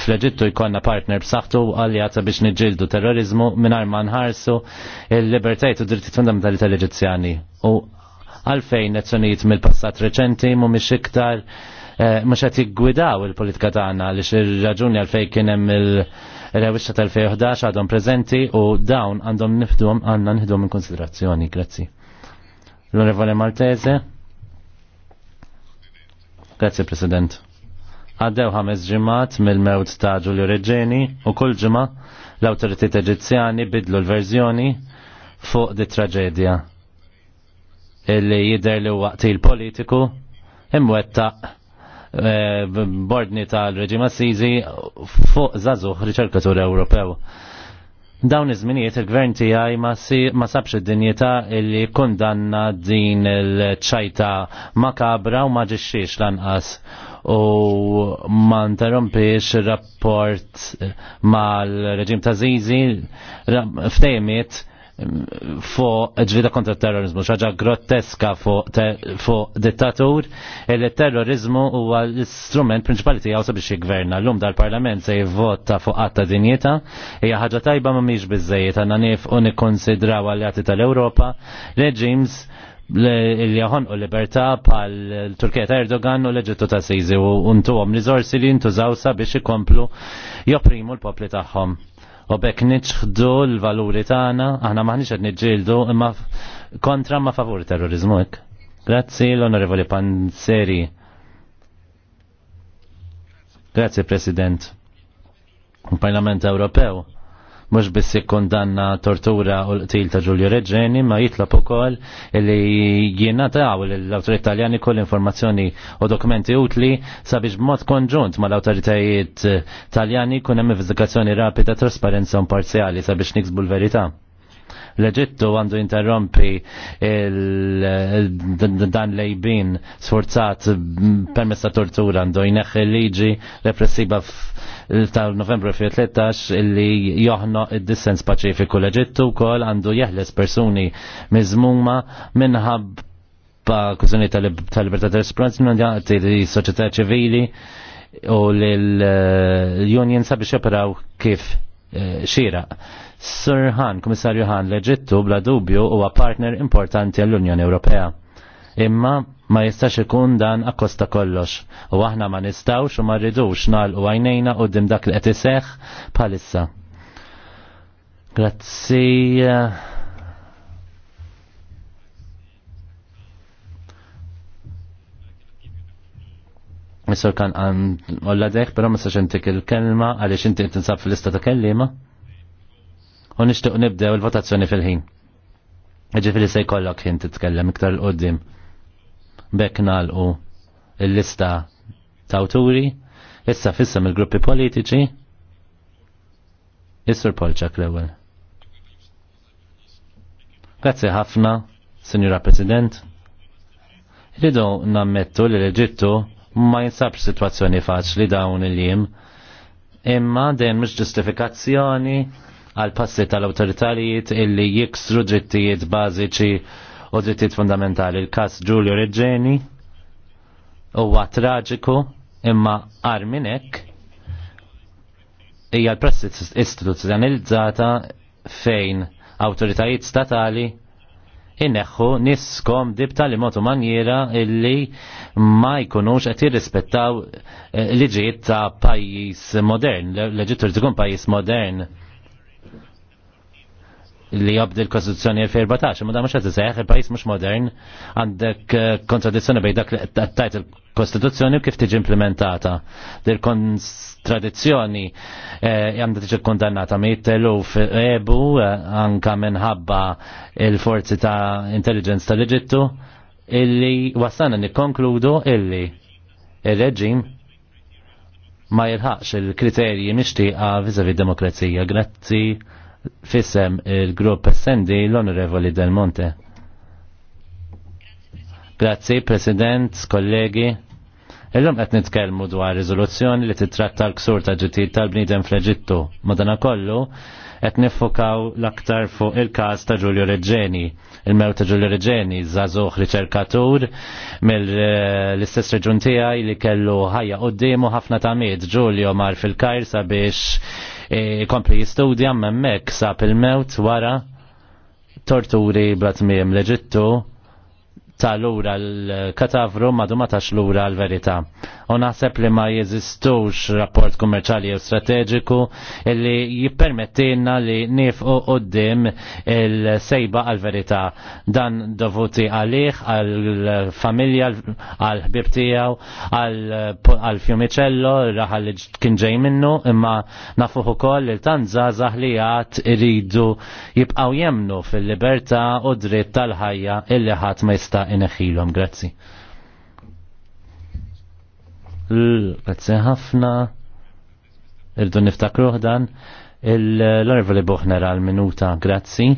fl-Eġittu jkollna partner b'saħħtu għaljata biex niġġieldu terrorizmu mingħajr ma nħarsu l-libertajt u drittijiet fundamentali tal-Eġizzjani. U għalfejn nazzjonijiet mill-passat reċenti mhumiex iktar eh, mux qed jiggwidaw il-politika tagħna li ir raġuni għalfej kien hemm il-rewisċa tal-2011 għadhom preżenti u dawn għandhom nifdhom għandna nħidhom in konsiderazzjoni. Grazzi. L-Onorevole Maltese. Grazie, President. Għaddew ħames ġimat mill-mewt ta' Ġulju Reġeni u kull ġimma l-autoritet eġizzjani bidlu l-verżjoni fuq di traġedja illi jider li waqt il-politiku imwetta eh, bordni tal reġim Assisi fuq zazuħ riċerkatur Ewropew. Dawn iż-żminijiet il-gvern tiegħi ma sabx id-dinjità li kundanna din il-ċajta makabra u ma ġixxiex lanqas u ma interrompiex rapport mal-reġim ta' Zizi ftejmiet Fu ġvida kontra terrorizmu, xaġa groteska fuq fu dittatur, e il terrorizmu huwa l-istrument prinċipali tijaw sabiex jiggverna. L-lum dal-Parlament se jivvota fuq għatta dinjeta, hija ħaġa tajba ma mhix għan'na għandna nifqu nikkonsidraw alleati tal-Ewropa, reġims li jahon u libertà pal Turkija ta' Erdogan u l ta' Sizi u ntuhom għom li ntużaw sabiex ikomplu jopprimu l-popli tagħhom u bekk niċħdu l-valuri tagħna, aħna maħniex qed niġġieldu imma kontra ma favur terrorizmu hekk. Grazzi l-Onorevoli Panzeri. Grazzi President. Il-Parlament Ewropew mhux biss kondanna tortura u l-qtil ta' Giulio Reġeni ma jitlab ukoll li jingħataw lill-awtoritajiet Taljani kull informazzjoni u dokumenti utli sabiex b'mod konġunt mal-awtoritajiet Taljani kun hemm investigazzjoni rapida, trasparenza u parziali sabiex niksbu l-verità l-Eġittu għandu interrompi dan lejbin sforzat permessa tortura għandu jneħħi liġi repressiva tal-Novembru 13 illi joħno id-dissens paċifiku l-Eġittu kol għandu jeħles persuni mizmuma minħabba kuzuni tal-libertà tal-espressjoni għati l-soċjetà ċivili u l-union sabiex joperaw kif eh, xira. Sir Han, Komissarju Han, l-Eġittu bla dubju huwa partner importanti għall-Unjoni Ewropea. Imma ma jistax ikun dan akkosta kollox u aħna ma nistawx u ma rridux u għajnejna u dim dak li qed iseħħ bħalissa. Grazzi. Misur kan għan olla deħ, pero ma intik il-kelma, għalix inti tinsab fil-lista ta' kellima. U nishtuq nibdew il-votazzjoni fil-ħin. fil se jkollok ħin titkellem iktar l-qoddim bekk nalqu il-lista ta' awturi, issa fissam il-gruppi politiċi, is Polċak l-ewwel. Grazzi ħafna, Signora President. Ridu nammettu li l-Eġittu ma jinsabx situazzjoni faċli dawn il-jiem, imma dejjem mux ġustifikazzjoni għal passi tal autoritarijiet illi jiksru drittijiet bażiċi u drittijiet fundamentali. Il-kas Giulio Reggeni huwa traġiku imma arminek hija l-prassi istituzzjonalizzata fejn awtoritajiet statali inneħħu niskom dibta li motu manjera illi ma jkunux qed jirrispettaw eh, liġijiet ta' pajjiż modern, leġittur tkun pajjiż modern li jabdi l-Kostituzzjoni 2014, ma da t sejħ il-pajis mux modern, għandek eh, kontradizzjoni bej dak li għattajt il-Kostituzzjoni u kif tiġi implementata. Dil kontradizzjoni eh, għandha tiġi kondannata mit eluf ebu eh, anka minħabba il-forzi ta' intelligence tal-Eġittu illi wassana nikkonkludu illi il-reġim ma jilħaqx il-kriterji mixtieqa vizavi demokrazija. Grazzi fissem il-grupp Sendi l-Onorevoli Del Monte. Grazzi, President, kollegi. Illum qed nitkellmu dwar riżoluzzjoni li titratta l-ksur ta' ġitid tal-bniedem fl-Eġittu. Madanakollu qed niffokaw l-aktar fuq il-każ ta' Giulio Reġġeni. Il-mew ta' Giulio Reġġeni żagħżugħ riċerkatur mill-istess reġun tiegħi li kellu ħajja qudiemu ħafna tamiet. Ġulju mar fil-Kajr sabiex kompli jistudja memmek sa' il-mewt wara torturi bla tmiem l'Eġittu? ta' lura l-katavru madu ma tax lura l-verità. U naħseb li ma jeżistux rapport kummerċali u strateġiku illi jippermettilna li nifqu qoddim il-sejba għal-verità. Dan dovuti għalih, għal-familja, għal-ħbib tijaw, għal-fjumicello, raħal li kien ġej minnu, imma nafuħu kol li tanza zaħlijat iridu jibqaw jemnu fil-libertà u dritt tal-ħajja illi ħat ma jista' ineħilhom. Grazzi. Grazzi ħafna. Irdu niftakruħ dan. L-Orvoli Buħner għal-minuta, grazzi.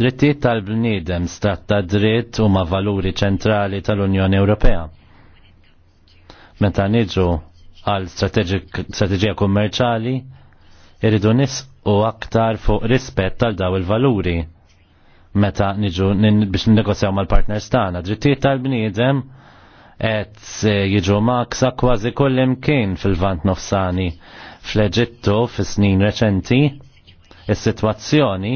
Drittijiet tal-bniedem stat ta' dritt huma valuri ċentrali tal-Unjoni Ewropea. Meta niġu għal strateġija kummerċali, irridu nisqu aktar fuq rispett tal daw il-valuri meta niġu biex negozjaw mal-partners tagħna. Drittijiet tal-bniedem qed jiġu maksa kważi kull imkien fil-vant nofsani fl-Eġittu fis-snin reċenti is-sitwazzjoni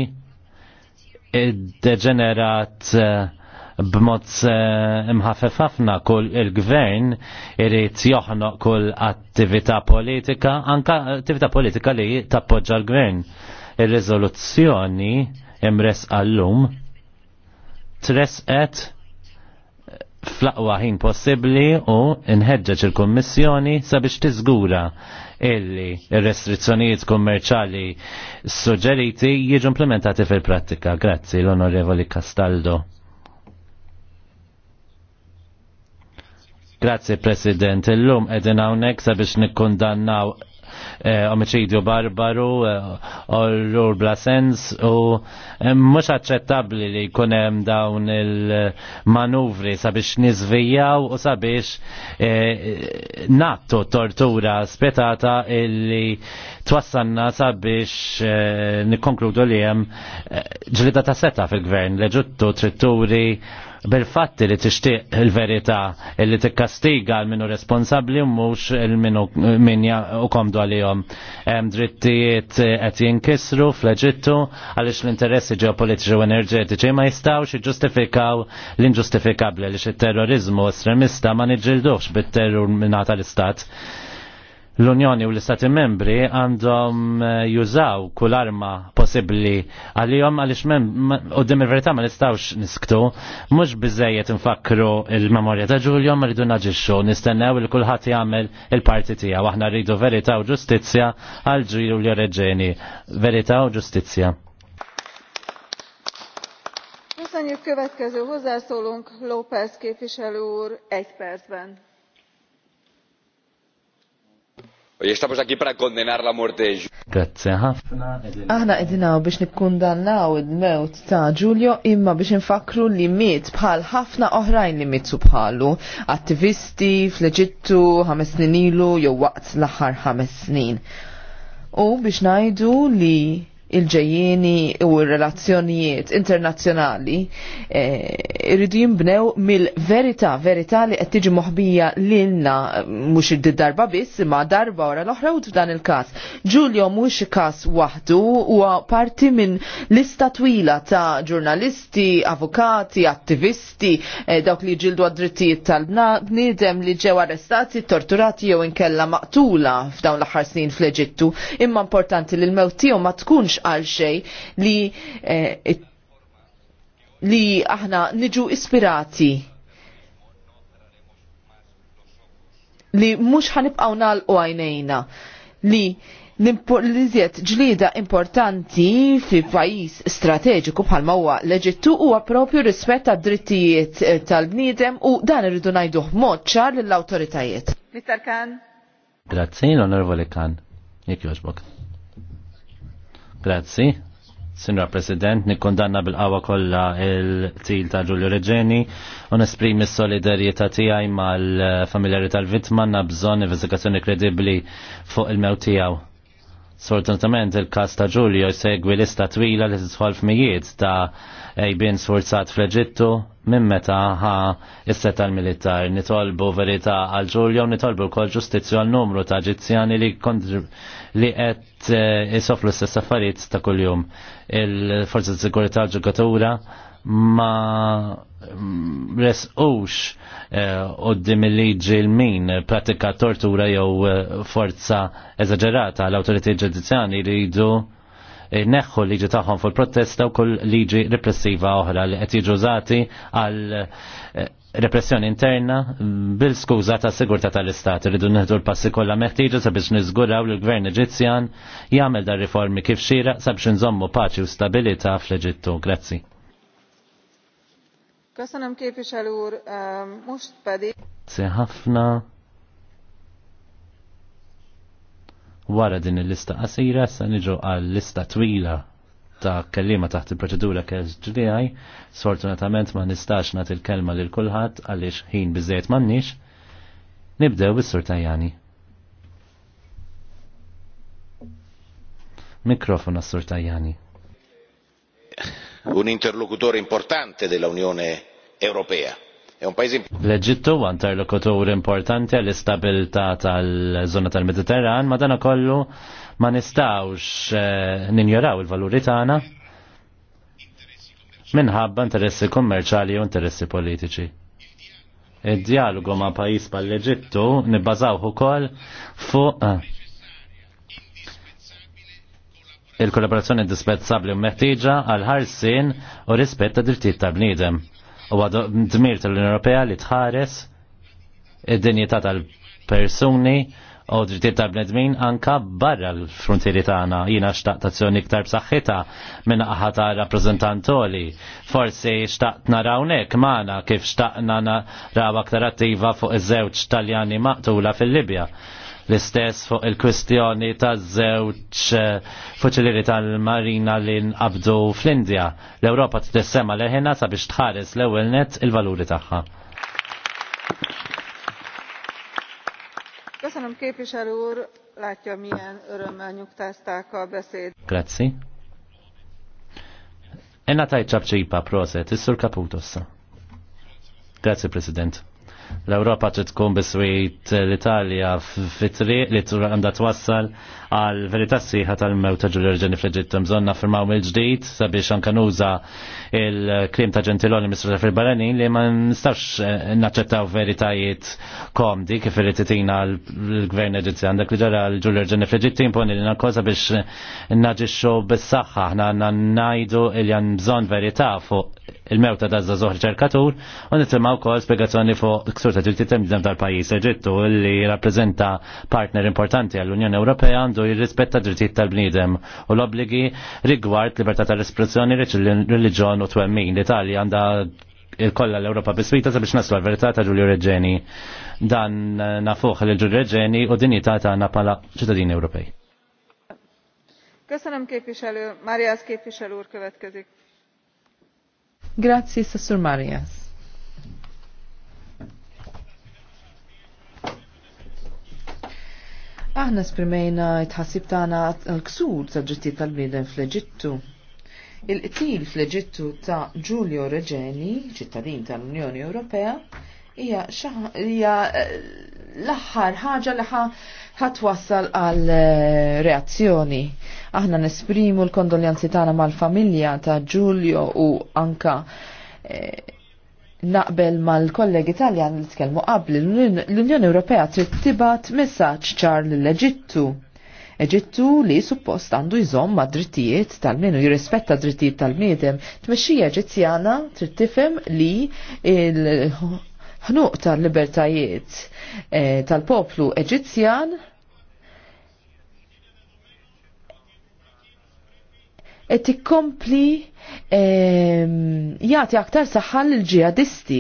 deġenerat eh, b'mod eh, imħaffef ħafna kull il-gvern irid joħnoq kull attività politika, anka attività politika li tappoġġa l-gvern. Ir-riżoluzzjoni imres għallum tresqet flaqwa ħin possibli u inħedġaċ il-Kommissjoni sabiex tiżgura illi il-restrizzjonijiet kummerċali suġġeriti jiġu implementati fil-prattika. Grazzi l-Onorevoli Castaldo. Grazzi President, illum edin hawnhekk sabiex nikkundannaw Eh, omicidju barbaru, eh, orrur Rur Blasens u eh, mhux aċċettabbli li jkun hemm dawn il-manuvri sabiex nizvijaw u sabiex nattu tortura spetata illi twassanna sabiex nikkonkludu li hemm ġlida ta' seta fil-gvern, leġuttu tritturi bil-fatti li tixtieq il-verità li tikkastiga l minu responsabbli u mhux il-minu min u komdu għalihom. Hemm drittijiet qed jinkisru fl-Eġittu għaliex l-interessi ġeopolitiċi u enerġetiċi ma jistgħux jiġġustifikaw l-inġustifikabbli li it terrorizmu estremista ma niġġildux bit-terrur minn l-istat l-Unjoni u l-Istati membri għandhom eh, jużaw kull arma possibbli għalihom għaliex u dim il-verità ma nistawx nisktu, mhux biżejjed nfakru il-memorja ta' Ġulju ma rridu naġixxu, nistennew il kulħadd jagħmel il-parti tiegħu, aħna rridu verità u ġustizzja għal Ġulju Reġeni, verità u ġustizzja. Köszönjük következő hozzászólunk López képviselő úr egy percben. Hoy estamos aquí para condenar la muerte de Grazie ħafna. Aħna edinaw biex nikkundannaw id-mewt ta' Giulio imma biex nfakru li miet bħal ħafna oħrajn li mitsu bħalu. Attivisti fl ħames snin ilu jew waqt l-aħħar ħames snin. U biex najdu li il-ġejjini u r-relazzjonijiet internazzjonali eh, irridu jimbnew mill-verità, verità li qed tiġi moħbija lilna mhux id-darba biss imma darba wara l-oħra u f'dan il-każ. Giulio mhux każ waħdu huwa parti minn lista twila ta' ġurnalisti, avukati, attivisti, eh, dawk li ġildu għad-drittijiet tal-bniedem li ġew arrestati, torturati jew inkella maqtula f'dawn l-aħħar snin fl-Eġittu. Imma importanti li l-mewt ma tkunx għal xejn li eh, li aħna niġu ispirati li mhux ħanibqgħu nagħlqu għajnejna li l-iżjed ġlida importanti fi pajis strateġiku bħal mawa l-Eġittu huwa rispetta rispett drittijiet eh, tal-bniedem u dan irridu ngħiduh mod ċar lill-awtoritajiet. Mr. Kan. Grazie, l-Onorevoli Kan. Jek jogħġbok. Grazzi. Sinra President, nikkondanna bil-qawa kollha il-til ta' Ġulju Reġeni u nesprimi s-solidarjetà tiegħi mal-familjari tal-vittma na bżonn investigazzjoni kredibbli fuq il-mew tiegħu. Sfortunatament il-każ ta' Ġulju jsegwi lista twila li tidħol f'mijiet ta' ejbin sforzat fl-Eġittu minn meta ħa is-seta militar Nitolbu verità għal Ġulju u nitolbu wkoll ġustizzju għal numru ta' Ġizzjani li qed jisoflu eh, stess affarijiet ta' kuljum. Il-forza ta' sigurità ġugatura ma resqux eh, u il-liġi l-min pratika tortura jew eh, forza eżagerata l-autoriti ġudizjani li jridu neħħu liġi tagħhom fuq protesta u kull liġi repressiva oħra li qed jiġu għal repressjoni interna bil skuża ta' sigurta tal-Istat rridu neħdu l-passi kollha meħtieġa sabiex niżguraw li l-Gvern Eġizzjan jagħmel dar riformi kif xira sabiex nżommu paċi u stabilità fl-Eġittu. Grazzi. Köszönöm képviselő mhux most Se ħafna. Wara din il-lista qasira, sa niġu għal-lista twila ta' kellima taħt il-proċedura KSGDI, sfortunatament ma nistax nagħti il-kelma lil kulħadd għaliex ħin biżejjed m'għandniex. Nibdew bis-Sur Tajani. Mikrofon għas-Sur Tajani. Un interlokutor importante Unione Europea. L-Eġittu huwa interlokutur importanti għall istabilta tal-żona tal-Mediterran, ma dan kollu ma nistawx eh, ninjoraw il-valuri tagħna minħabba interessi kummerċali u interessi politiċi. Id-dialogu ma' pajis pal eġittu nibbażawh ukoll fuq eh, il-kollaborazzjoni indispensabbli u meħtieġa għal ħarsien u rispett ta' drittijiet ta' bniedem u għadu dmir tal-Unjoni Ewropea li tħares id-dinjità tal-persuni Odri drittijiet ta' bnedmin anka barra l-frontieri tagħna jiena xtaqt azzjoni iktar b'saħħitha minn aħħa ta' rappreżentantoli. Forsi xtaqt narawnek magħna kif xtaqna naraw aktar attiva fuq iż-żewġ Taljani maqtula fil-Libja. L-istess fuq il-kwistjoni ta' żewġ eh, fuċiliri tal-marina li nqabdu fl-Indja. L-Ewropa l leħena sabiex tħares l-ewwel net il-valuri tagħha. Grazie. Enna tajt pa proset, is-sur Caputossa. Grazie, President l-Europa trid tkun biswit l-Italja fit-triq li għandha twassal għal verità sieħa tal-mew ta' Ġulju Reġeni fl-Eġittu. Mżonna firmaw mill-ġdid sabiex anke nuża il-krim ta' Ġentiloni Mr. fil-Barani li ma nistax eh, naċċettaw veritajiet komdi kif irid titina l-Gvern Eġizzjan. Għandek li ġara l-Ġulju Reġeni fl-Eġittu imponi li kosa biex naġixxu bis-saħħa aħna ngħidu li hemm bżonn verità fuq il-mew ta' dazza ċerkatur u nittimaw kol spiegazzjoni fuq ksur ta' ġilti temdem tal-pajis Eġittu li rappresenta partner importanti għall-Unjoni Ewropea għandu jirrispetta ġiltiet tal-bnidem u l-obligi rigward libertà tal-espressjoni, reliġjon u twemmin. L-Italja għandha il-kolla l-Europa biswita sabiex naslu għal-verità ta' Ġulju Reġeni. Dan nafuħ l ġulju Reġeni u dinjità ta' napala ċittadini Ewropej. Köszönöm képviselő, Marias képviselő úr következik. Grazie, Sassur Marias. Aħna sprimejna tħassib tagħna l-ksur ta' ġitti tal-bniedem fl-Eġittu. Il-qtil fl-Eġittu ta' Giulio Reġeni, ċittadin tal-Unjoni Ewropea, hija hija eh, l-aħħar ħaġa li ħatwassal għal eh, reazzjoni. Aħna nesprimu l-kondoljanzi tagħna mal-familja ta' Giulio u anka eh, naqbel mal-kollegi Taljan li tkellmu qabli l-Unjoni Ewropea trid tibgħat messaġġ ċar lill-Eġittu. Eġittu li suppost għandu jżomm ma' drittijiet tal-minu jirrispetta drittijiet tal miedem Tmexxija Eġizzjana trid tifhem li l ħnuq tal-libertajiet eh, tal-poplu Eġizzjan et ikkompli ehm, jagħti aktar saħħa lil ġihadisti.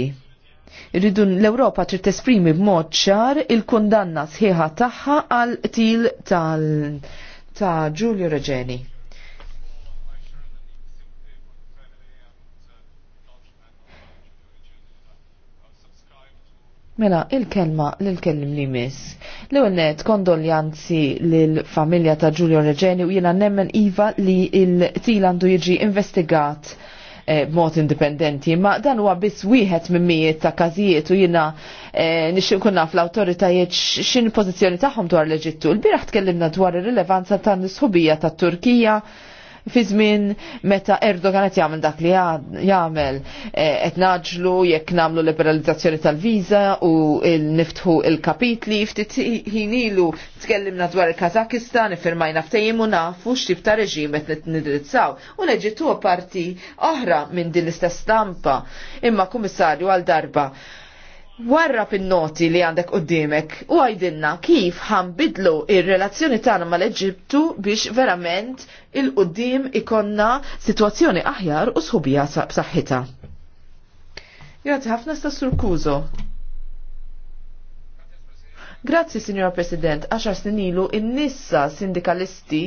Irridu l-Ewropa trid tesprimi b'mod ċar il-kundanna sħiħa tagħha għal til tal ta' Giulio Reġeni. Mela, il-kelma l-kellim li mis. L-għennet kondoljanzi l-familja ta' Giulio Reġeni u jena nemmen Iva li il-til għandu jiġi investigat eh, b'mod indipendenti, ma dan huwa biss wieħed minn mijiet ta' każijiet u jiena eh, nixtieq kunna naf awtoritajiet x'in pożizzjoni tagħhom dwar l-Eġittu. Il-bieraħ tkellimna dwar ir-rilevanza tan-nisħubija tat-Turkija fi żmien meta Erdogan qed jagħmel dak li jagħmel eh, qed naġlu jekk nagħmlu liberalizzazzjoni tal-viża u niftħu il-kapitli ftit ħinilu tkellimna dwar il-Kazakistan iffirmajna ftehim u nafu x'tip ta' reġim qed nidrizzaw u neġitu parti oħra minn din l-istess stampa imma kummissarju għal darba warrab in-noti li għandek qoddimek u għajdinna kif ħambidlu il relazzjoni tagħna mal-Eġiptu biex verament il-qoddim ikonna sitwazzjoni aħjar u sħubija b'saħħitha. Grazzi ħafna sta' surkużo. Grazzi, Signora President, għaxar snin ilu in-nissa sindikalisti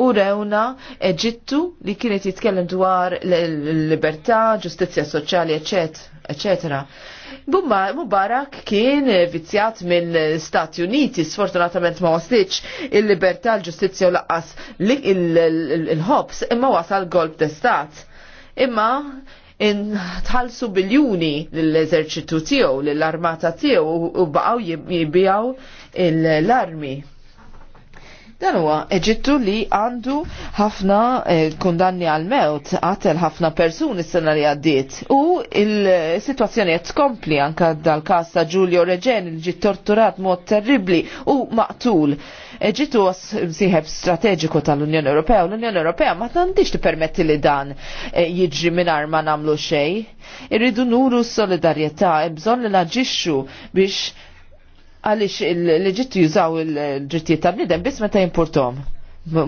u rewna Eġittu li kienet jitkellem dwar l-libertà, ġustizzja soċjali, eccetera. Mubarak kien vizzjat minn Stati Uniti, sfortunatament ma waslitx il-libertà, l-ġustizzja u laqqas il-ħobs, imma wasal golb d-estat. Imma tħalsu biljuni l-eżerċitu tiegħu, l-armata tiegħu u baqgħu jibbijaw l-armi Dan huwa Eġittu li għandu ħafna eh, kundanni għal mewt għatel ħafna persuni s-sena li għaddiet. U il-situazzjoni qed tkompli anka dal-każ ta' Giulio Reġen li ġi torturat mod terribli u maqtul. Eġittu msieħeb strateġiku tal-Unjoni Ewropea u l-Unjoni Ewropea ma tantix permetti li dan eh, jiġri mingħajr ma nagħmlu xejn. Irridu nuru s-solidarjetà, bżonn li naġixxu biex għaliex il ġittu jużaw il ġittu ta' bniedem biss meta jimportom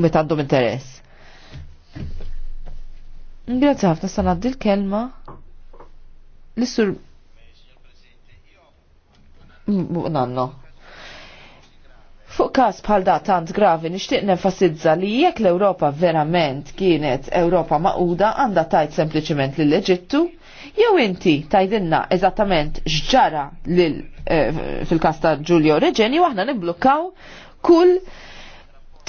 meta għandhom interess. Grazie ħafna sa għaddi l-kelma l-sur nanno. Fuq kas bħal da tant gravi nixtieq nenfasizza li jekk l-Ewropa verament kienet Ewropa maquda għandha tajt sempliċement lill eġittu jew inti tajdinna eżattament x'ġara lil Eh, fil-kas ta' Giulio Reġeni u aħna nibblukkaw kull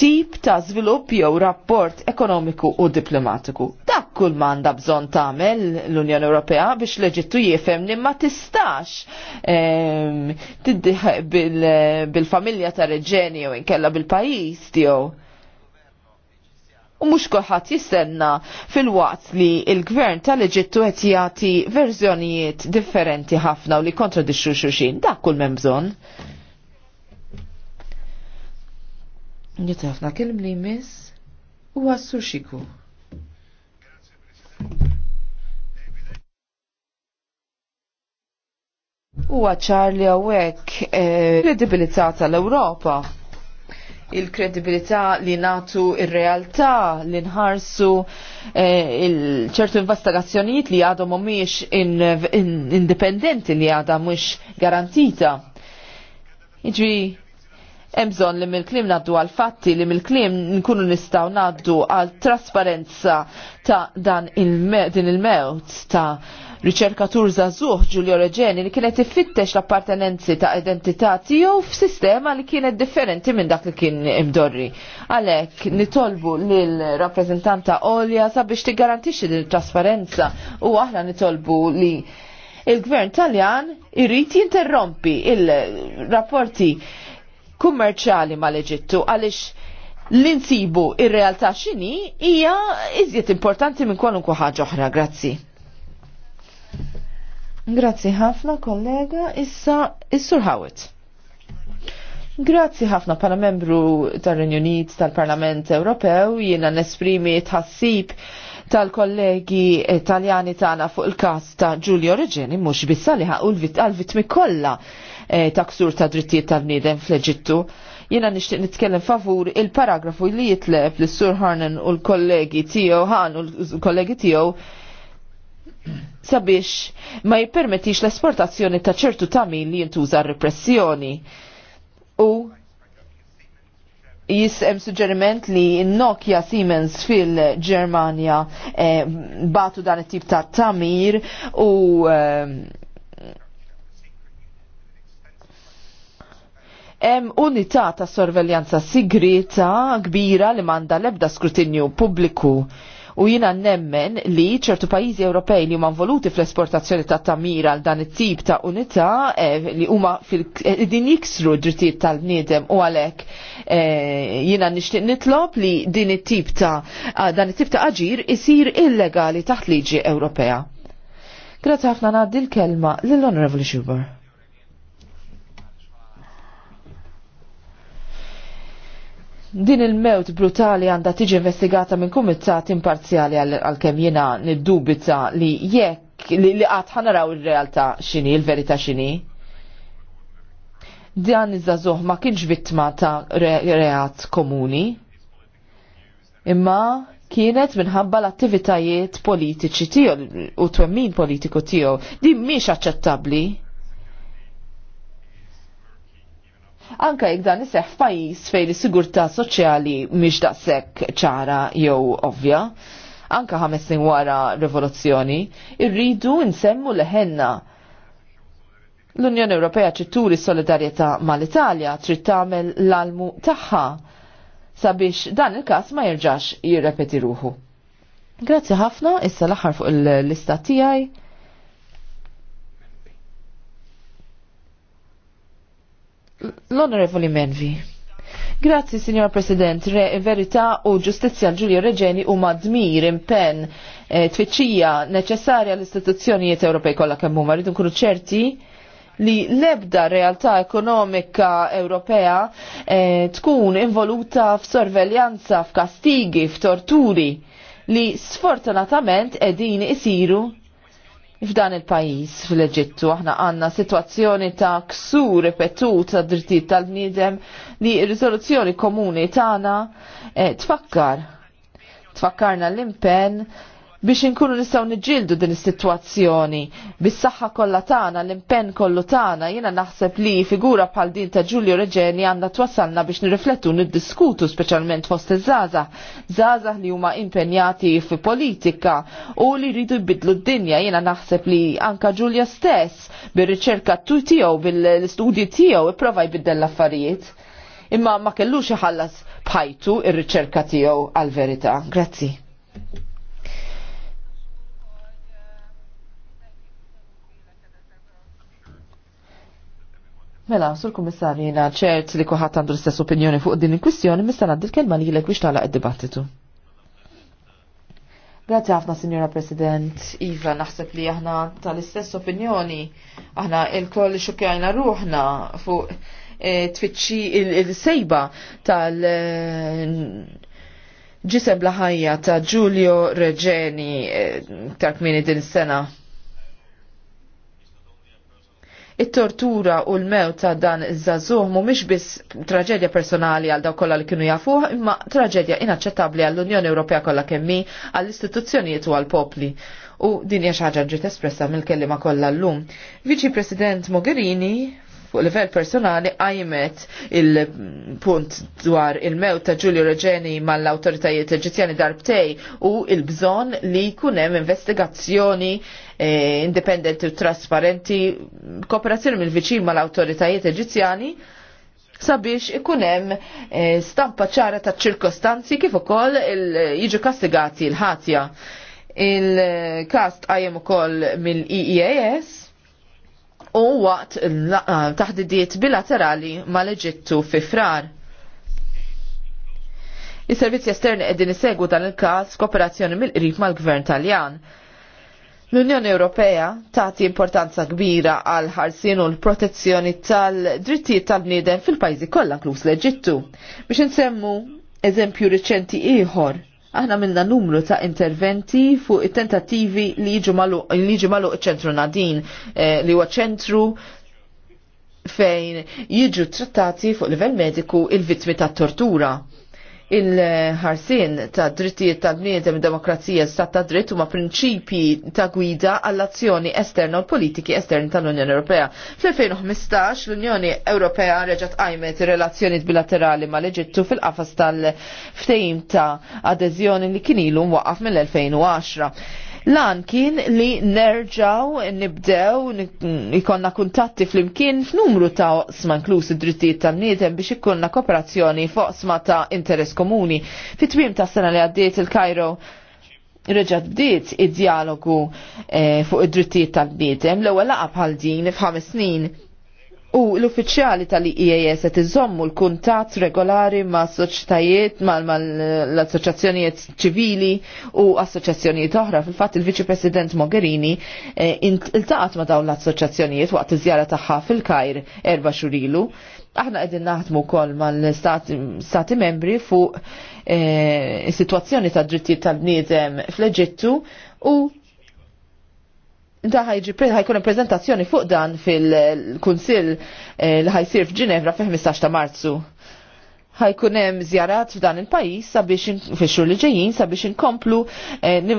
tip ta' żvilupp jew rapport ekonomiku u diplomatiku. Dak kull manda bżon tagħmel l-Unjoni Ewropea biex leġittu eġittu jifhem li ma tistax ehm, tiddiħ bil-familja ta' reġeni jew inkella bil-pajjiż tiegħu u mhux kulħadd jistenna fil-waqt li l-gvern tal-Eġittu qed jagħti verżjonijiet differenti ħafna u li kontradixxu xulxin. Dak kull hemm bżonn. Nitafna kelm li miss u għassu xiku. U għacċar li għawek eh, kredibilità tal-Europa il-kredibilità li natu il-realtà li nħarsu eh, ċertu investigazzjonijiet li għadhom mhumiex indipendenti li għadha mhux garantita. Jiġri hemm bżonn li mill-kliem ngħaddu għal fatti li mill-kliem nkunu nistgħu ngħaddu għal trasparenza ta' dan din il-mewt ta' riċerkatur zazuh Giulio Reġeni li kienet ifittex l-appartenenzi ta' identità tiegħu f'sistema li kienet differenti minn dak li kien imdorri. Għalhekk nitolbu lil rappreżentanta Olja sabiex tigarantixxi din trasparenza u aħna nitolbu li il-gvern Taljan irrid jinterrompi il-rapporti kummerċali mal-Eġittu għaliex l-insibu ir-realtà x'inhi hija iżjed importanti minn kwalunkwe ħaġa oħra. Grazzi. Grazzi ħafna kollega, issa is-Sur Hawit. Grazzi ħafna pala membru tal-Renjunit tal-Parlament Ewropew jiena nesprimi tħassib tal-kollegi italjani tagħna fuq il-każ ta' Giulio Reġeni mhux bissa li ħaqu l-vitmi kollha eh, ta' ksur ta' drittijiet tal-bniedem fl-Eġittu. Jiena nixtieq nitkellem favur il-paragrafu li jitleb l-Sur Harnan u l-kollegi tiegħu ħan u l-kollegi tiegħu sabiex ma jippermettix l-esportazzjoni ta' ċertu tamin li jintuża repressjoni. U jisem suġġeriment li Nokia Siemens fil-Germania eh, batu dan it-tip ta' tamir u eh, Hemm unità ta' sorveljanza sigrita kbira li manda l-ebda skrutinju pubbliku U jina nemmen li ċertu pajizi Ewropej li huma involuti fl-esportazzjoni ta' tamira għal dan it-tip ta' unità eh, li huma eh, din jiksru drittijiet tal-bniedem u għalhekk eh, jina nixtieq nitlob li din it-tip ta' dan it-tip ta' aġir isir illegali taħt liġi Ewropea. Grazie ħafna ngħaddi l-kelma lill-Honorable Din il-mewt brutali għanda tiġi investigata minn kumitat imparzjali għal-kem jena niddubita li jekk li li għat ħanaraw il-realtà xini, il-verita xini. Dan iż-żazuħ ma kienx vittma ta' reat komuni, imma kienet minħabba l-attivitajiet politiċi tiegħu u twemmin politiku tiegħu. Din mhix aċċettabbli Anka jek dan iseħ pajjiż fejn is-sigurtà soċjali mhix daqshekk ċara jew ovvja, anka ħames snin wara rivoluzzjoni, irridu nsemmu leħenna L-Unjoni Ewropea ċitturi solidarjetà mal-Italja trid tagħmel l-almu tagħha sabiex dan il-każ ma jerġax jirrepeti ruħu. Grazzi ħafna, issa l-aħħar fuq il-lista tiegħi L-Onorevoli Menvi. Grazzi, Signor President. Re, verità u ġustizja Giulio Regeni u madmir impen e, eh, tfittxija neċessarja l-istituzzjonijiet Ewropej kollha kemm huma rridu nkunu ċerti li lebda realtà ekonomika Ewropea e, tkun involuta f'sorveljanza, f'kastigi, f'torturi li sfortunatament edin isiru f'dan il-pajis fil-Eġittu. Aħna għanna situazzjoni ta' ksur ripetut ta' drittijiet tal-bniedem li r rizoluzzjoni komuni tagħna eh, tfakkar. Tfakkarna l-impenn biex inkunu nistgħu niġġieldu din is-sitwazzjoni. Bis-saħħa kollha tagħna, l-impenn kollu tagħna, jiena naħseb li figura bħal din ta' Giulio Reġeni għandna twassalna biex nirriflettu niddiskutu speċjalment fost iż-żgħażagħ. Żgħażagħ li huma impenjati fi politika u li jridu jbidlu d-dinja. Jiena naħseb li anka Giulio stess bir-riċerka tiegħu bil-istudji tiegħu ipprova jbiddel l-affarijiet imma ma kellux iħallas bħajtu ir-riċerka tiegħu għal-verità. Grazzi. Mela, sur kummissarju jina ċert li kuħat għandu l-istess opinjoni fuq din il-kwistjoni, mista għaddi l-kelma li l biex talaq id-dibattitu. Grazie għafna, Signora President. Iva, naħseb li aħna tal-istess opinjoni. Aħna il-koll xukjajna ruħna fuq e, tfittxi il-sejba tal- e, ġisem laħajja ta' Giulio Reġeni e, ta' kmini din sena it-tortura u l-mew ta' dan iż-żazuh mhumiex biss traġedja personali għal daw kollha li kienu jafuh, imma traġedja inaċċettabbli għall-Unjoni Ewropea kollha kemm għall-istituzzjonijiet u għall-popli. U din hija xi ħaġa ġiet espressa mill-kelliema kollha llum. Viċi President Mogherini fuq livell personali għajmet il-punt dwar il-mewt ta' Giulio Reġeni mal-autoritajiet eġizjani darbtej u il-bżon li kunem investigazzjoni eh, indipendenti u trasparenti kooperazzjoni mill-viċin mal-autoritajiet eġizjani sabiex ikunem eh, stampa ċara ta' ċirkostanzi kif ukoll jiġu kastigati l-ħatja. Il-kast eh, għajem ukoll mill-EEAS u waqt ah, taħdidiet bilaterali mal-Eġittu fi frar. Is-servizzi esterni qegħdin isegwu dan il-każ kooperazzjoni mill-qrib mal-Gvern Taljan. L-Unjoni Ewropea tagħti importanza kbira għal ħarsien u l-protezzjoni tal-drittijiet tal-bniedem fil-pajjiżi kollha inkluż l-Eġittu biex insemmu eżempju riċenti ieħor Aħna minna numru ta' interventi fuq it-tentativi li jiġu malu ċentru nadin eh, li huwa ċentru fejn jiġu trattati fuq livell mediku il-vittmi ta' tortura il-ħarsin ta' drittijiet tal-bniedem demokrazija sta' ta' dritt huma prinċipji ta' gwida għall-azzjoni esterna u politiki esterni tal-Unjoni Ewropea. Fl-2015 l-Unjoni Ewropea reġgħet qajmet relazzjonijiet bilaterali mal eġittu fil-qafas tal-ftehim ta' adeżjoni li kien ilu waqaf mill-2010 Lan kien li nerġaw nibdew ikonna kuntatti fl-imkien f'numru ta' oqsma inkluż id-drittijiet tan-niedem biex ikonna kooperazzjoni f'oqsma ta' interess komuni. Fit-twim ta' sena li għaddiet il-Kajro reġat bdiet id-dialogu eh, fuq id-drittijiet tal-bniedem l-ewwel laqa bħal din f'ħames snin U l-uffiċjali tal-IAS qed iżommu l kuntat regolari ma' soċjetajiet mal-assoċjazzjonijiet ċivili u assoċjazzjonijiet oħra. Fil-fatt il-Viċi President Mogherini eh, iltaqat ma' dawn l-assoċjazzjonijiet waqt iż-żjara tagħha fil-Kajr erba' xurilu. Aħna qegħdin naħdmu wkoll mal-stati membri fuq eh, is-sitwazzjoni tad-drittijiet tal-bniedem fl-Eġittu u da ħajġi ħajkun prezentazzjoni fuq dan fil-Kunsill eh, li ħajsir f'Ġinevra fi 15 ta' Marzu ħajkun hemm żjarat f'dan il-pajjiż sabiex fix-xhur li ġejjin sabiex inkomplu eh,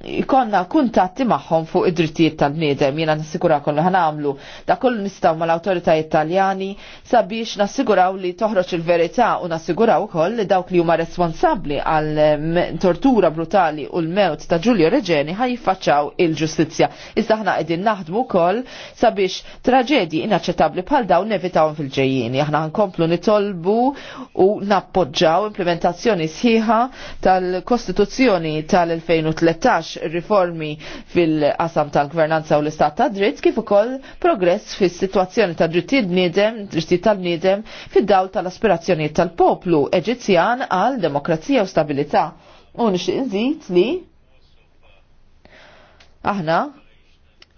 ikonna kuntatti magħhom fuq id-drittijiet tal-bniedem. Jiena nassigurakom kollu ħanamlu da kull nistgħu mal-awtoritajiet Taljani sabiex nassiguraw li toħroġ il-verità u nassiguraw ukoll li dawk li huma responsabbli għal mm, tortura brutali u l-mewt ta' Giulio Reġeni jiffaċċaw il-ġustizzja. Iżda aħna qegħdin naħdmu wkoll sabiex traġedji inaċċettabbli bħal dawn nevitawhom fil-ġejjin. Aħna nkomplu nitolb nitolbu u nappoġġaw implementazzjoni sħiħa tal-Kostituzzjoni tal-2013 riformi fil-qasam tal-gvernanza u l-istat ta' dritt kif ukoll progress fis-sitwazzjoni ta' drittijiet bniedem, drittijiet tal-bniedem fid-dawl tal-aspirazzjonijiet tal-poplu Eġizzjan għal demokrazija u stabilità. U nixtieq nżid li aħna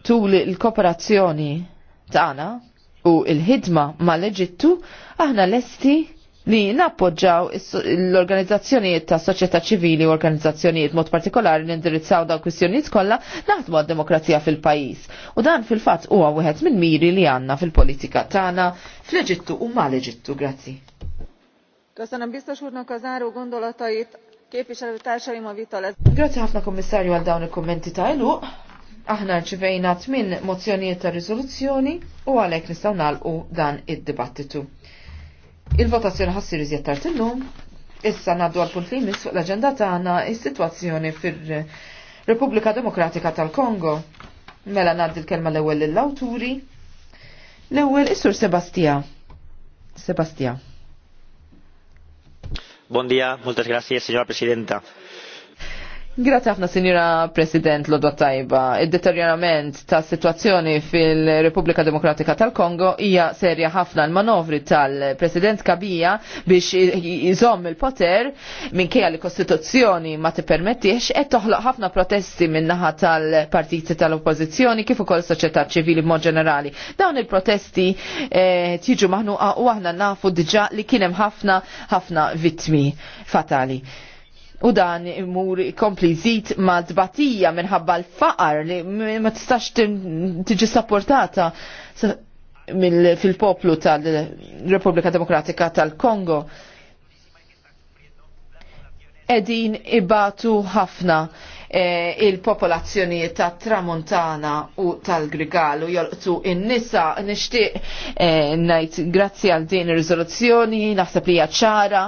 tul il-kooperazzjoni tagħna u il-ħidma mal-Eġittu, aħna lesti li nappoġġaw l-organizzazzjonijiet ta' soċjetà ċivili u organizzazzjonijiet mod partikolari li indirizzaw dawn kwistjonijiet kollha naħdmu għad-demokrazija fil-pajjiż. U dan fil-fatt huwa wieħed minn miri li għandna fil-politika tagħna fl-Eġittu u mal-Eġittu. Grazzi. Köszönöm biztos úrnak kazaru záró gondolatait, képviselőtársaim a vita lesz. Grazie ħafna kommissarju għal dawn il-kommenti ta' iluq. Aħna rċivejna tmin mozzjonijiet ta' riżoluzzjoni u għalhekk nistgħu nagħlqu dan id-dibattitu. Il-votazzjoni ħassir iżjed tard illum, issa ngħaddu għal punt li mis fuq l-aġenda tagħna is-sitwazzjoni fir-Repubblika Demokratika tal-Kongo. Mela ngħaddi l-kelma l-ewwel lill-awturi. L-ewwel is-Sur Sebastia. Sebastia. Buon dia, moltes grazie, signora Presidenta. Grazie ħafna, Sinjura President Lodwa Tajba. Id-deterjorament ta' situazzjoni fil-Repubblika Demokratika tal-Kongo hija serja ħafna l-manovri tal-President Kabija biex jżomm il-poter minkejja li kostituzzjoni ma tippermettix qed toħloq ħafna protesti min-naħa tal-partiti tal-Oppożizzjoni kif ukoll soċjetà ċivili b'mod ġenerali. Dawn il-protesti eh, tiġu maħnuqa u aħna nafu diġà li kien hemm ħafna ħafna vittmi fatali. U dan imur kompli zit ma dbatija minħabba l-faqar li ma tistax tiġi sapportata fil-poplu tal-Repubblika Demokratika tal-Kongo. Edin ibatu ħafna Eh, il-popolazzjonijiet ta' tramontana u tal-grigalu jolqtu in-nisa nixtieq eh, ngħid grazzi għal din ir-riżoluzzjoni naħseb li ċara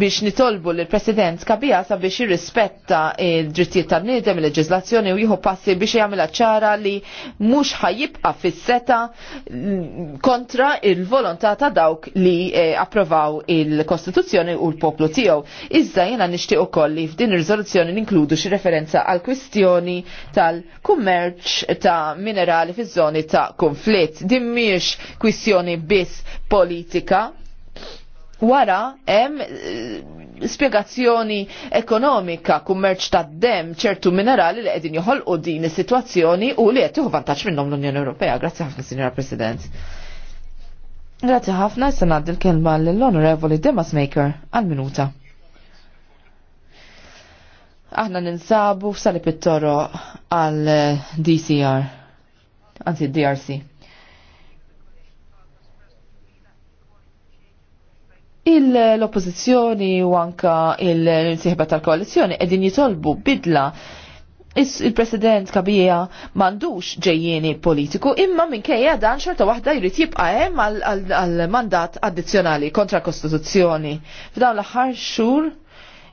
biex nitolbu lill president kabija sabiex jirrispetta id drittijiet tan-niedem il-leġiżlazzjoni u jieħu passi biex jagħmilha ċara li mhux ħajjibqa' fis-seta kontra il-volontà ta' dawk li eh, approvaw il-Kostituzzjoni u l-poplu tiegħu. Iżda jiena nixtieq ukoll li f'din ir-riżoluzzjoni ninkludu xi referenza għal kwistjoni tal-kummerċ ta' minerali fi żoni ta' konflitt. Din mhijiex kwistjoni biss politika. Wara hemm eh, spjegazzjoni ekonomika kummerċ ta' dem ċertu minerali li qegħdin joħolqu din is-sitwazzjoni u li qed tieħu vantaġġ minnhom l-Unjoni Ewropea. Grazzi ħafna, Sinjora President. Grazzi ħafna, issa ngħaddi l-kelma lill-Onorevoli Demas Maker għal-minuta aħna ninsabu it pittoro għal eh, DCR, anzi DRC. Il-oppozizjoni u anka il-sieħba tal-koalizjoni edin jitolbu bidla il-president kabija mandux ġejjeni politiku imma minkejja dan xorta waħda jrid jibqa' hemm għal mandat addizzjonali kontra kostituzzjoni. F'dawn l-aħħar xhur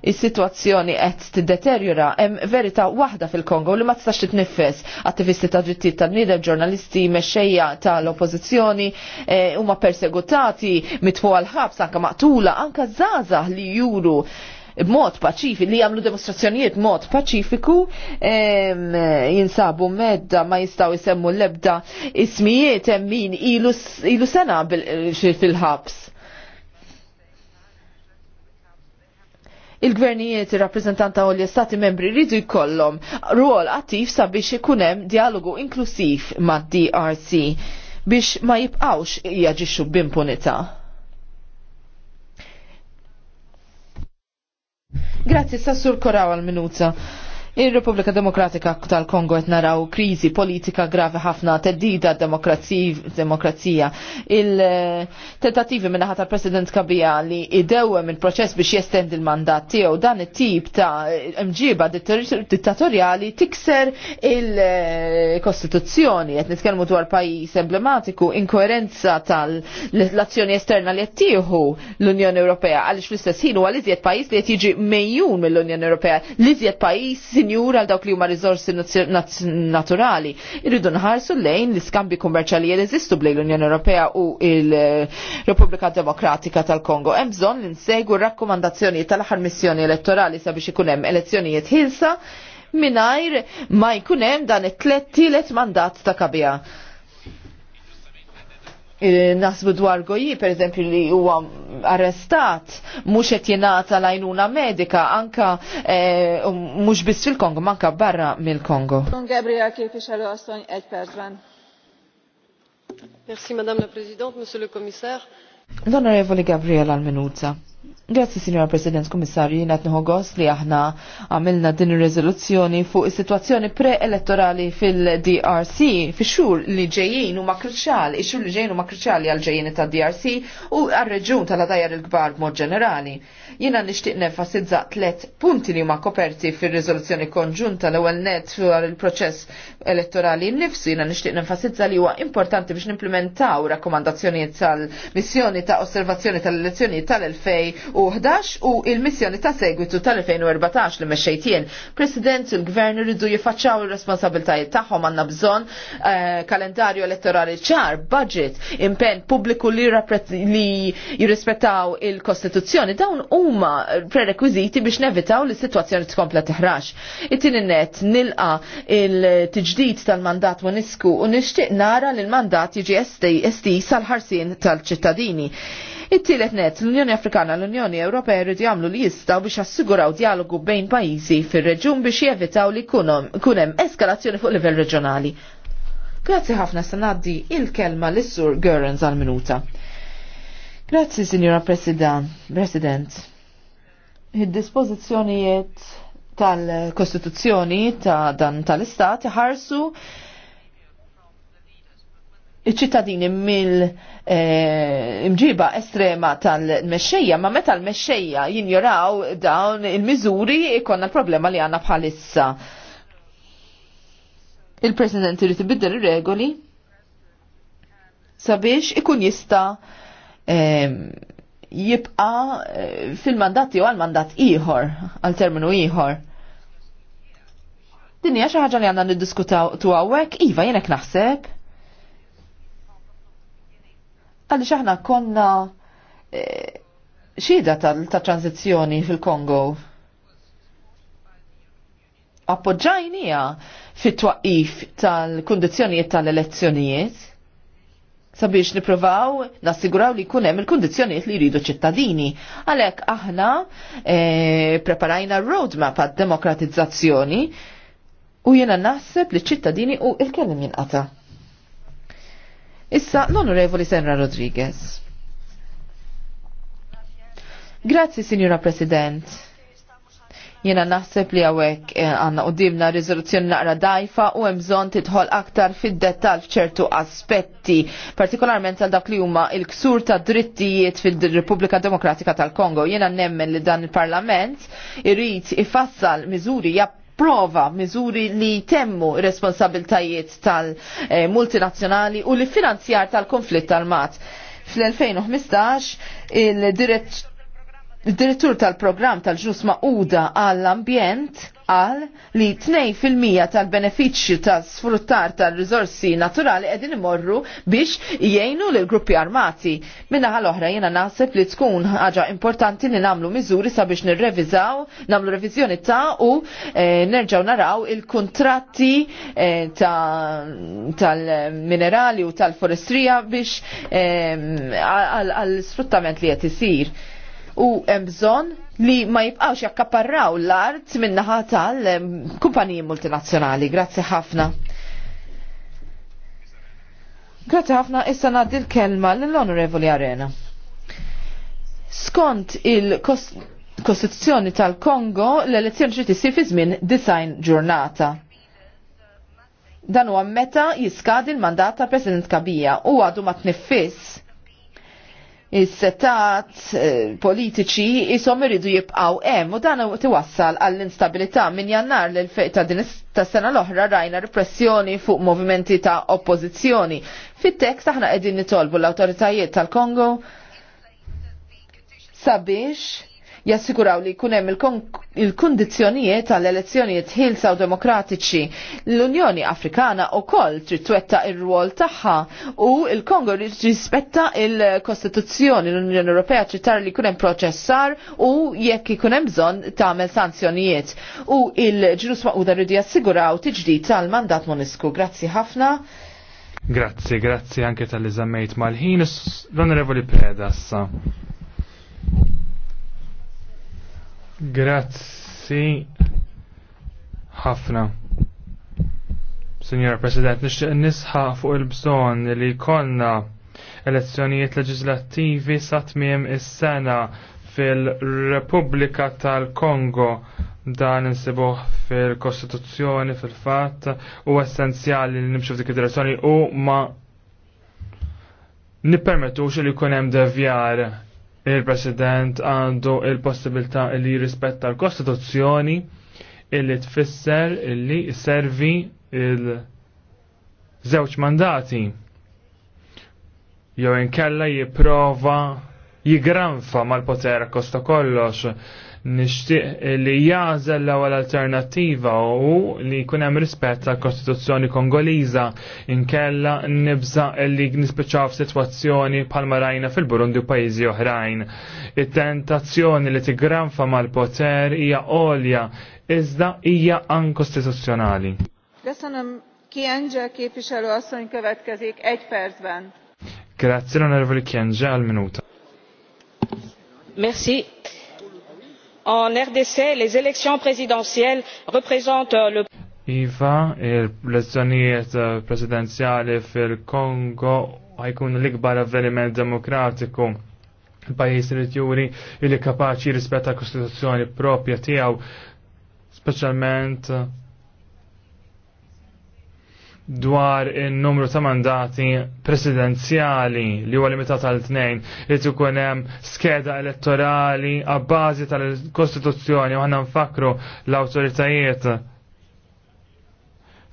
is-sitwazzjoni qed tiddeteriora hemm verità waħda fil-Kongo li ma tistax titnifes. Attivisti ta' drittijiet tan bniedem ġurnalisti, mexxejja tal-oppożizzjoni eh, huma persegutati, mitfu għal ħabs anke maqtula, anke żgħażagħ li juru b'mod paċifiku, li jagħmlu demonstrazzjonijiet mod paċifiku, jinsabu medda ma jistgħu jsemmu l-ebda ismijiet hemm min ilu sena fil-ħabs il-gvernijiet, il-rappresentanta u l-istati membri rridu jkollhom ruol attiv sabiex ikunem dialogu inklusiv ma' DRC biex ma jibqawx jaġixxu b'impunità. Grazzi, Sassur Korawa għal-minuta. Ir-Repubblika Demokratika tal-Kongo qed naraw kriżi politika gravi ħafna teddida demokrazija. Il-tentativi minnaħat tal president Kabija li idewem il-proċess biex jestend il-mandat tiegħu dan it-tip ta' mġiba dittatorjali tikser il-Kostituzzjoni qed nitkellmu dwar pajjiż emblematiku inkoerenza tal-azzjoni esterna li qed tieħu l-Unjoni Ewropea għaliex fl-istess ħin huwa liżjed pajjiż li qed jiġi mejjun mill-Unjoni Ewropea, li pajjiż sinjur għal dawk li huma riżorsi naturali. Irridu nħarsu lejn l-iskambi kummerċali jeżistu bl l-Unjoni Ewropea u il-Repubblika Demokratika tal-Kongo. Hemm bżonn li nsegwu rakkomandazzjonijiet tal-aħħar missjoni elettorali sabiex ikun hemm elezzjonijiet ħilsa minajr ma jkunem dan it-tlet tielet mandat ta' kabija. Eh, nasbu dwar goji, per eżempju, li huwa arrestat, mhux qed jingħata l-għajnuna medika, anka e, mhux biss fil-Kongo, manka barra mill-Kongo. Gabriel képviselő asszony, egy percben. Merci, Madame la Présidente, Monsieur le Commissaire. L'Onorevole Gabriel Almenuza. Grazzi, Signora President, Komissarju, jina tnħu gost li aħna għamilna din il-rezoluzzjoni fuq is-situazzjoni pre-elettorali fil-DRC, fi xur li ġejjin u i xur li ġejjin u makruċali għal-ġejjin ta' DRC u għal-reġun tal dajar il-gbar mod ġenerali. Jina nishtiq nefasidza tlet punti li ma koperti fil-rezoluzzjoni konġunta l-ewel net fuq il-proċess elettorali nnifsu jina nixtieq nenfasizza li huwa importanti biex nimplementaw rakkomandazzjonijiet tal-missjoni ta' osservazzjoni tal-elezzjonijiet tal-2011 u il-missjoni ta' segwitu tal-2014 li mexxejtien. President il-Gvern irridu jifacċaw ir-responsabiltajiet tagħhom għandna bżonn eh, kalendarju elettorali ċar, budget, impenn pubbliku li jirrispettaw il-Kostituzzjoni. Dawn huma prerekwiżiti biex nevitaw li s-sitwazzjoni tkompla teħrax. It-tieni net nilqa' il-tiġ ġdid tal-mandat Monisku u nixtieq nara li l-mandat jiġi esti sal-ħarsien tal-ċittadini. It-tielet net, l-Unjoni Afrikana l-Unjoni Ewropea jridu jagħmlu li jistgħu biex assiguraw dialogu bejn pajjiżi fir-reġjun biex jevitaw li kun hemm eskalazzjoni fuq livell reġjonali. Grazzi ħafna ngħaddi il-kelma lis sur Görens għal-minuta. Grazzi, Signora President. President. Id-dispozizjonijiet tal-Kostituzzjoni ta' dan tal-Istat ħarsu iċ-ċittadini mill-imġiba eh, estrema tal-mexxejja, ma meta l-mexxejja jinjoraw dawn il-miżuri ikonna l-problema li għanna bħalissa. Il-President irid ibiddel ir-regoli sabiex ikun jista' eh, jibqa eh, fil-mandat jew għal-mandat ieħor, għal terminu ieħor. Din hija xi ħaġa li għandna niddiskutaw tu hawnhekk, iva jien hekk naħseb. Għaliex aħna konna eh, xhieda ta' tranzizzjoni fil-Kongo. Appoġġajnija fit-twaqif tal-kundizzjonijiet tal-elezzjonijiet sabiex niprovaw nassiguraw li kunem il-kondizjoniet li jridu ċittadini. Għalek aħna e, preparajna roadmap għad demokratizzazzjoni u jena naħseb li ċittadini u il-kellim jinqata. Issa, l-Onorevoli Senra Rodriguez. Grazzi, Signora President. Jena naħseb li għawek eh, għanna u dimna rizoluzzjoni naqra dajfa u emżon titħol aktar fid-detal fċertu aspetti, partikolarment għal dak li huma il-ksur ta' drittijiet fil-Repubblika Demokratika tal-Kongo. Jena nemmen li dan il-Parlament irrit ifassal miżuri prova miżuri li temmu responsabiltajiet tal-multinazzjonali eh, u li finanzjar tal-konflitt tal-mat. Fl-2015 il-direttur il direttur tal-programm tal-ġus maquda għall-ambjent għal li 2% tal benefiċċju ta' sfruttar tal-rizorsi naturali edin imorru biex jgħinu l gruppi armati. Minna l oħra jena naħseb li tkun ħaġa importanti li namlu miżuri sabiex nirrevizaw, namlu revizjoni ta' u e, eh, nerġaw naraw il-kontratti e, eh, tal-minerali ta u tal-forestrija biex eh, għal-sfruttament e, li jgħet isir u hemm bżonn li ma jibqawx jakkaparraw l-art minnaħa tal-kumpaniji multinazzjonali. Grazzi ħafna. Grazzi ħafna, issa naddi l-kelma l-Onorevoli Arena. Skont il-Kostituzzjoni tal-Kongo, l-elezzjoni ġiti si fi żmien design ġurnata dan huwa meta jiskadi l-mandat ta' President Kabija u għadu ma tniffis is-setat eh, politiċi jisom iridu jibqaw hemm u dan tiwassal għall-instabilità minn jannar l ta' din ta' sena l-oħra rajna repressjoni fuq movimenti ta' oppożizzjoni. Fit-tekst aħna qegħdin nitolbu l-awtoritajiet tal-Kongo sabiex jassiguraw li jkun hemm il-kundizzjonijiet għall elezzjonijiet ħilsa u demokratiċi. L-Unjoni Afrikana wkoll trid twetta ir-rwol tagħha u l-Kongo rispetta il-Kostituzzjoni l-Unjoni Ewropea trid tara li jkun hemm proċessar u jekk ikun hemm bżonn tagħmel sanzjonijiet. U il-ġnus maquda rridu jassiguraw tiġdid tal-mandat Monisku. Grazzi ħafna. Grazzi, grazzi anke tal-li zammejt mal-ħin. L-Onorevoli Preda, sa. Grazzi ħafna. Signor President, nixtieq nisħa fuq il-bżonn li jkollna elezzjonijiet leġislattivi sa tmiem is-sena fil-Repubblika tal-Kongo dan insibuh fil-Kostituzzjoni fil-fatt u essenzjali li nimxu f'dik id-direzzjoni u ma nippermettux li jkun hemm devjar il-President għandu il-possibilità li jirrispetta l-Kostituzzjoni illi tfisser illi servi il-żewġ mandati jew inkella jipprova jigranfa mal-poter kosta kollox nixtieq li jażel l-ewwel alternattiva u li jkun hemm rispett tal kostituzzjoni Kongoliża inkella nibża li nispiċċaw f'sitwazzjoni bħalma rajna fil-Burundi u pajjiżi oħrajn. It-tentazzjoni li tigranfa mal-poter hija għolja iżda hija ankostituzzjonali. Köszönöm, Kienge képviselő asszony következik egy percben. Grazie, onorevoli Kienġa, al minuta en rdc les élections présidentielles représentent euh, le. iva l-elezzjonijiet euh, presidenzjali fil-kongo għajkun l-ikbar avveniment demokratiku il-pajis li t juri il li kapaxi rispetta l-kostituzzjoni propja tijaw, specialment dwar il-numru ta' mandati presidenzjali li huwa limitat għal tnejn li tkun hemm skeda elettorali għabbażi tal-Kostituzzjoni u ħanna nfakru l-awtoritajiet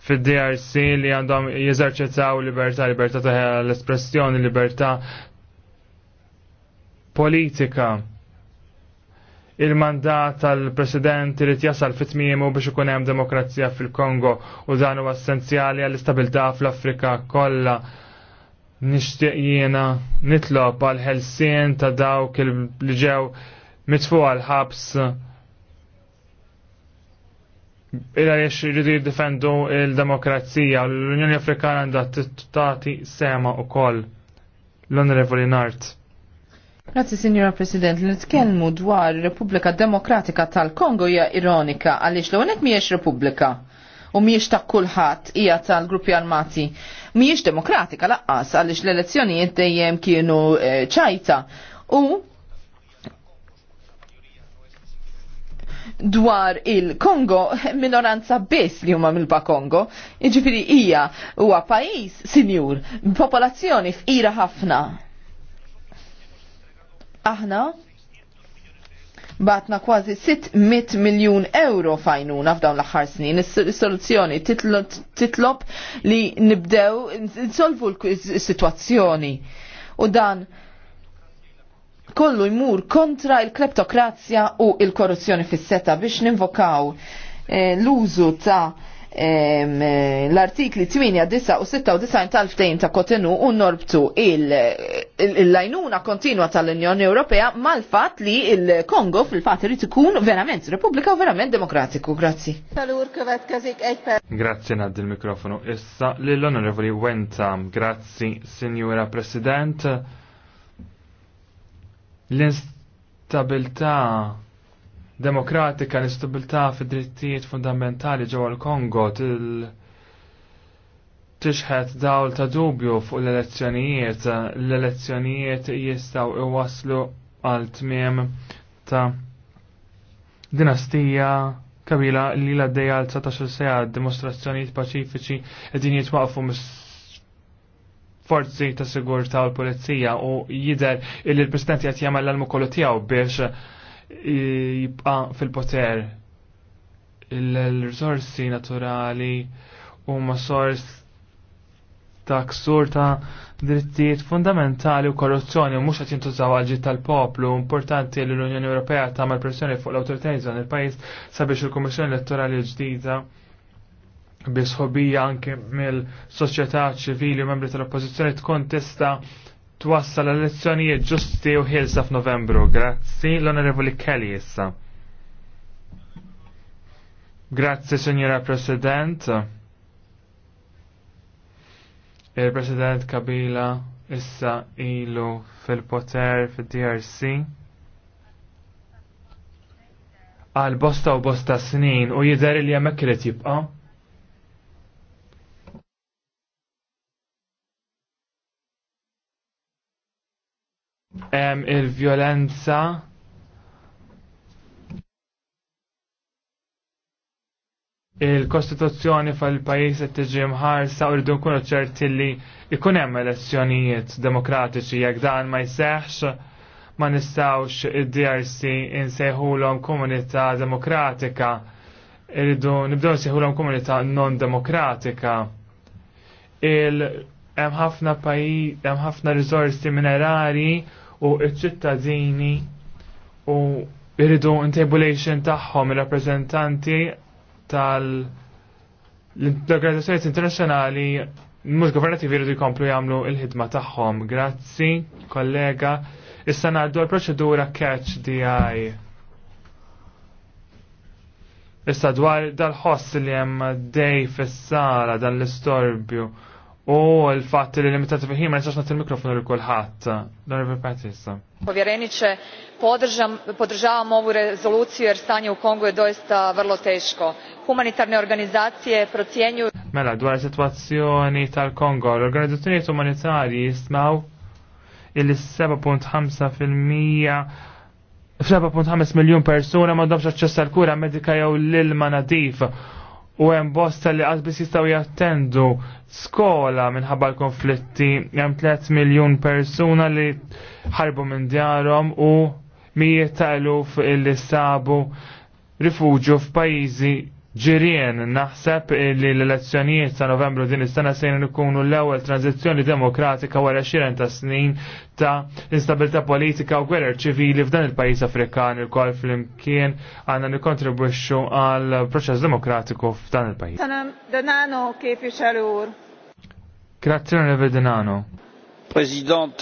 fid-DRC li għandhom jeżerċitaw libertà, libertà ta' l-espressjoni, libertà politika il-mandat tal-president irid jasal fit-tmiemu biex ikun hemm demokrazija fil-Kongo u dan huwa essenzjali għall-istabilità fl-Afrika kollha. Nixtieq jiena nitlob għal ħelsien ta' dawk li ġew mitfu għal ħabs illa jiex jridu jiddefendu il-demokrazija l-Unjoni Afrikana għandha tagħti sema wkoll l-Onorevoli Nart. Grazie, Signora President. Li nitkellmu dwar Repubblika Demokratika tal-Kongo hija ironika għaliex l hawnhekk mhijiex Repubblika u mhijiex ta' kulħadd hija tal-gruppi armati. Mhijiex demokratika laqqas għaliex l-elezzjonijiet dejjem kienu eh, ċajta u dwar il-Kongo minoranza biss li huma mill-ba Kongo, jiġifieri hija huwa pajjiż sinjur, popolazzjoni fqira ħafna aħna batna kważi 600 miljon euro fajnuna f'dawn l-aħħar snin. Is-soluzzjoni titlob li nibdew insolvu l-situazzjoni. U dan kollu jmur kontra il-kleptokrazja u il-korruzzjoni fis-seta biex ninvokaw eh, l-użu ta' l-artikli 8, 9 96 tal-ftejn ta' Kotenu u norbtu il-lajnuna kontinua tal-Unjoni Ewropea mal-fat li il-Kongo fil-fat irid ikun verament Repubblika u verament demokratiku. Grazzi. tal Grazzi nad il-mikrofonu. Issa l-Onorevoli Wentam. Grazzi, Signora President. L-instabilta' demokratika l-istabilità fid-drittijiet fundamentali ġewwa l-Kongo tixħet dawl ta' dubju fuq l-elezzjonijiet. L-elezzjonijiet jistaw iwaslu għal tmiem ta' dinastija kabila li l d għal 19 seja dimostrazzjonijiet paċifiċi din jitwaqfu mis forzi ta' sigurta u l-polizija u jider il-president jgħat jgħamil l-almu kollu tijaw biex jibqa fil-poter. Il-rizorsi naturali huma sors ta' ksur ta' drittijiet fundamentali u korruzzjoni u mhux qed jintużaw għalġi tal-poplu. Importanti li l-Unjoni Ewropea tagħmel pressjoni fuq l-awtoritajiet dan il-pajjiż sabiex il-Kummissjoni Elettorali ġdida bisħobija anke mill-soċjetà ċivili u membri tal-oppożizzjoni tkontesta twassal elezzjonijiet ġusti u ħilsa f'Novembru. Grazzi l-Onorevoli Kelly issa. Grazzi, Signora President. Il-President Kabila issa ilu fil-poter fil-DRC għal bosta u bosta snin u jidher li jemmek irid jibqa' il-violenza il-Kostituzzjoni fil-pajis qed tiġi mħarsa u rridu nkunu ċerti li ikun hemm elezzjonijiet demokratiċi jekk dan ma jseħħx ma nistawx id-DRC insejħulhom komunità demokratika irridu nibdew nsejħulhom komunità non demokratika il hemm ħafna pajjiż hemm ħafna riżorsi minerari u iċ-ċittadini u iridu intabulation tagħhom ir-rappreżentanti tal l-organizzazzjonijiet internazzjonali mhux governativi jridu jkomplu jagħmlu l-ħidma tagħhom. Grazzi, kollega. Issa ngħaddu l-proċedura catch DI. Issa dwar dal-ħoss li hemm dej fis-sala dan l-istorbju. U l fat li limitati fil-ħin ma nistax nagħti l li lil kulħadd. Dor Patissa. Povjereniče, podržavam ovu rezoluciju jer stanje u Kongu je doista vrlo teško. Humanitarne organizacije procjenjuju... Mela, dwar situazzjoni tal-Kongo, l-organizzazzjonijiet umanitarji jismaw il-7.5% f'7.5 miljon persuna ma domx aċċess kura medika jew l-ilma nadif u hemm bosta li biss jistgħu jattendu skola minħabba l-konflitti hemm 3 miljun persuna li ħarbu minn djarhom u mijiet ta' eluf illi sabu rifuġju f'pajjiżi ġirien naħseb li l-elezzjonijiet ta' novembru din is-sena sejn ikunu l-ewwel tranzizzjoni demokratika wara xiren ta' snin ta' instabilità politika u gwerer ċivili f'dan il-pajjiż Afrikan il-kol flimkien għandna nikkontribwixxu għal proċess demokratiku f'dan il-pajjiż. Danano kif ixalur. President,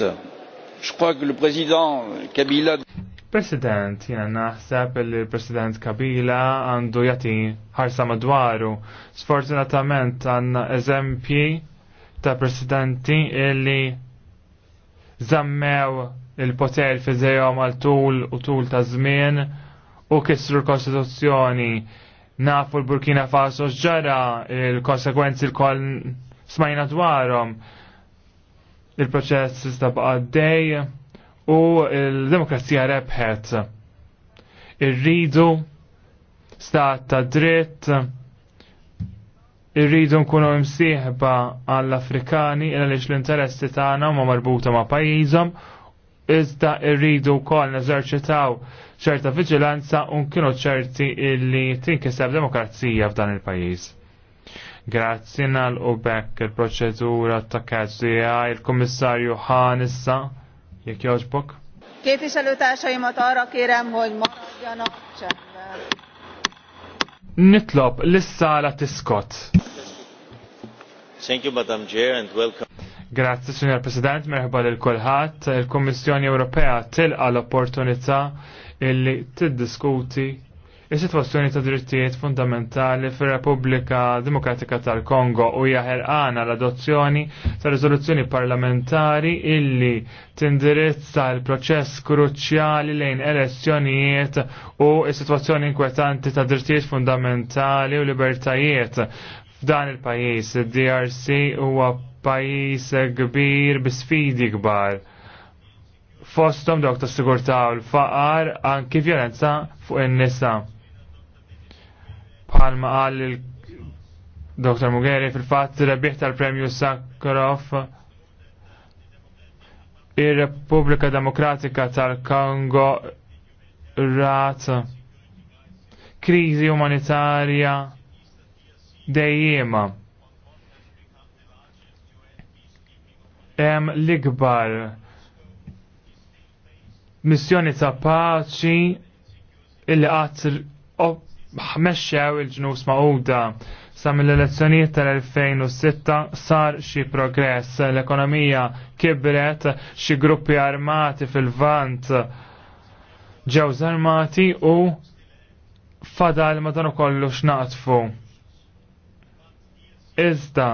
je crois que le président Kabila President, jena naħseb l President Kabila għandu jati ħarsa madwaru. Sfortunatament għanna eżempji ta' presidenti illi zammew il-poter fi għal tul u tul ta' żmien u kissru l-Kostituzzjoni. Nafu l-Burkina Faso ġara il-konsekwenzi l koll smajna dwarom. Il-proċess sta' baqaddej u l-demokrazija rebħet. Irridu stat ta' dritt, irridu nkunu msieħba għall-Afrikani għaliex l-interessi tagħna huma marbuta ma' pajjiżhom, iżda irridu wkoll neżerċitaw ċerta viġilanza u nkienu ċerti illi tinkiseb demokrazija f'dan il-pajjiż. Grazzi nal u bekk il-proċedura ta' kazzija il-Kommissarju ħan issa Jek jaġbok? Képviselőtársaimat arra kérem, hogy maradjanak csendben. Nitlop, l-sala tiskot. Thank you, Madam Chair, and welcome. Grazie, Signor President, merħba l kolħat Il-Kommissjoni Ewropea tilqa l-opportunità illi t-diskuti is-sitwazzjoni ta' drittijiet fundamentali fir-Repubblika Demokratika tal-Kongo u għana l-adozzjoni ta' Rizoluzzjoni parlamentari illi tindirizza l-proċess kruċjali lejn elezzjonijiet u il sitwazzjoni inkwetanti ta' drittijiet fundamentali u libertajiet f'dan il-pajjiż. Id-DRC huwa pajjiż kbir bi sfidi kbar fostom dawk ta' sigurta u l-faqar anki violenza fuq in-nisa bħal ma qal il-Dr. Mugheri fil-fatt rebbieħ tal-Premju Sakharov ir-Repubblika Demokratika tal-Kongo rat krizi umanitarja dejjema. Hemm l-ikbar missjoni ta' paċi illi qatt ħmexxew il-ġnus ma'uda sa mill-elezzjonijiet tal-2006 sar xi progress, l-ekonomija kibret, xi gruppi armati fil-vant ġew armati u fadal ma dan ukollu x'naqtfu. Iżda,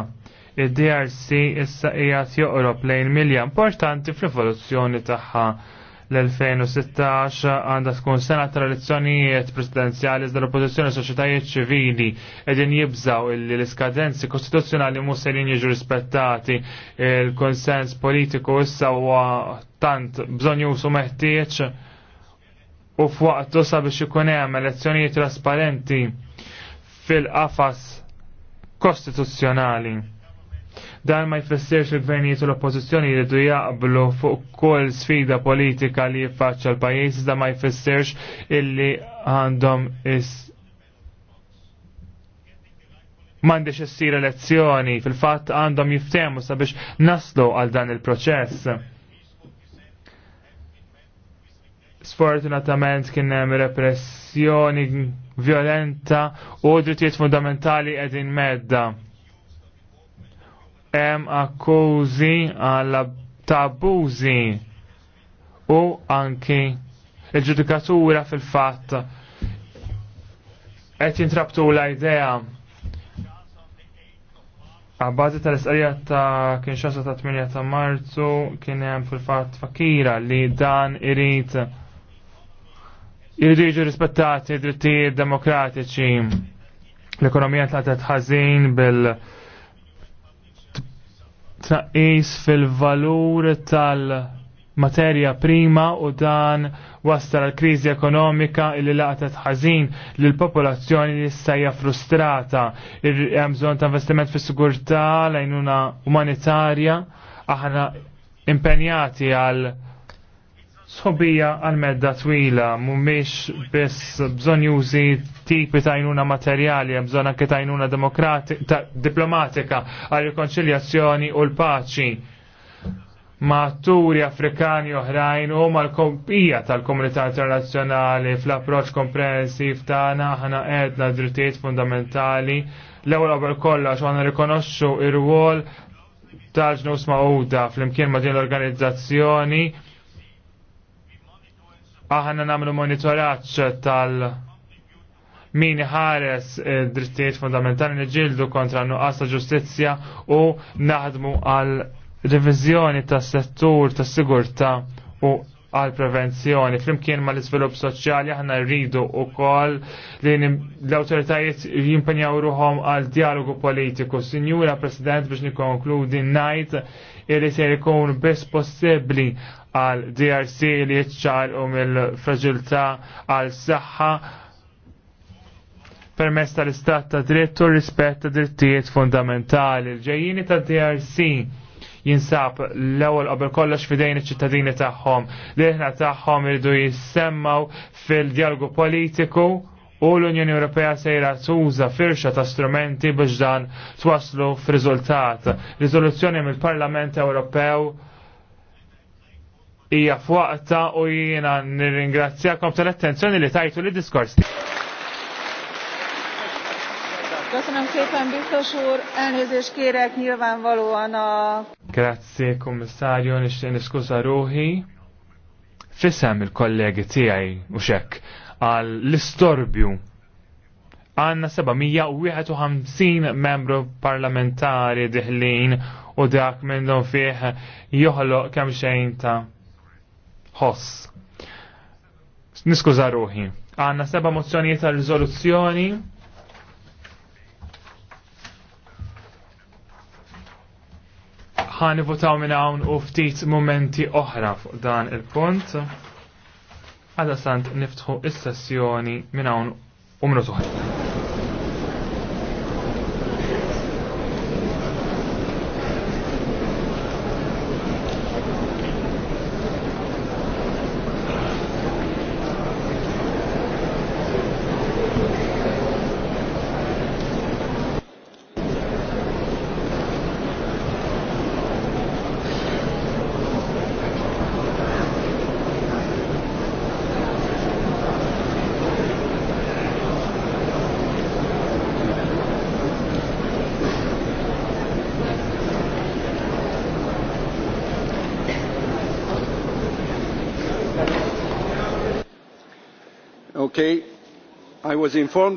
id-DRC issa qiegħed joqrob lejn milja importanti fl-evoluzzjoni tagħha l-2016 għandha tkun sena ta' elezzjonijiet presidenzjali iżda l-oppożizzjoni soċjetajiet ċivili qegħdin jibżaw li l-iskadenzi kostituzzjonali mhux se jiġu rispettati il-konsens politiku issa huwa tant bżonn jusu meħtieġ u tosa sabiex ikun hemm elezzjonijiet trasparenti fil-qafas kostituzzjonali. Dan ma jfessirx il-gvernijiet u l-oppozizjoni jridu jaqblu fuq kull sfida politika li jiffaċċa l-pajjiż, da ma jfessirx illi għandhom is mandiċ issir elezzjoni, fil-fatt għandhom jiftemu sabiex naslu għal dan il-proċess. Sfortunatament kien hemm repressjoni violenta u drittijiet fundamentali qegħdin medda hemm akkużi għal tabużi u anki il-ġudikatura fil-fatt qed jintrabtu l-idea Għabbażi tal-istqarija ta' kien xasa ta' 8 ta' marzu kien hemm fil-fatt fakira li dan irid irid jiġu rispettati drittijiet demokratiċi l-ekonomija tlatet ħażin bil- tnaqqis fil-valur tal-materja prima u dan wasta l kriżi ekonomika li laqtet ħażin li l-popolazzjoni jissajja frustrata. Hemm bżonn ta' investiment fis-sigurtà, lajnuna umanitarja, aħna impenjati għal sħobija għal-medda twila, mumiex biss bżon jużi tipi tajnuna materjali, bżon anke tajnuna diplomatika għal-rekonciliazzjoni u l-paċi ma' atturi afrikani oħrajn u ma' l-kompija tal-komunità internazjonali fl-approċ komprensiv tagħna aħna edna drittijiet fundamentali l-ewwel qabel kollox għana rikonoxxu ir wol tal-ġnus ma' fl-imkien ma' din l-organizzazzjoni aħna namlu monitoraċ tal- min ħares eh, drittijiet fundamentali niġildu kontra nuqqas ta' ġustizzja u naħdmu għal revizjoni tas settur tas sigurta u għal prevenzjoni. Flimkien ma l-izvilup soċjali aħna rridu u koll li l-autoritajiet jimpenjaw ruħom għal dialogu politiku. Sinjura President biex nikonkludi najt li se jkun biss possibli għal DRC li jitċar u mill-fragilta għal saħħa permess tal-istat ta' dritt u rispett ta' drittijiet fundamentali. Il-ġejjini ta' DRC jinsab l-ewwel qabel kollox fidejn iċ-ċittadini tagħhom. Liħna tagħhom irdu jissemmaw fil-dialogu politiku u l-Unjoni Ewropea sejra tuża firxa ta' strumenti biex dan twaslu f'riżultat. Riżoluzzjoni mill-Parlament Ewropew hija fwaqta u jiena nirringrazzjakom tal-attenzjoni li tajtu li diskors. Köszönöm szépen, biztos úr. Elnézést kérek nyilvánvalóan a... Grazie, komissarju, nixtieq niskuża ruħi. Fisem il-kollegi tiegħi u xekk għal l-istorbju għanna 751 membru parlamentari diħlin u dak minnhom fih joħloq kemm xejn ta' ħoss. Niskuża ruħi. Għanna seba' mozzjonijiet ta' riżoluzzjoni ħani votaw minn hawn u ftit momenti oħra fuq dan il-punt. Għada sant niftħu is-sessjoni minn hawn u minn was informed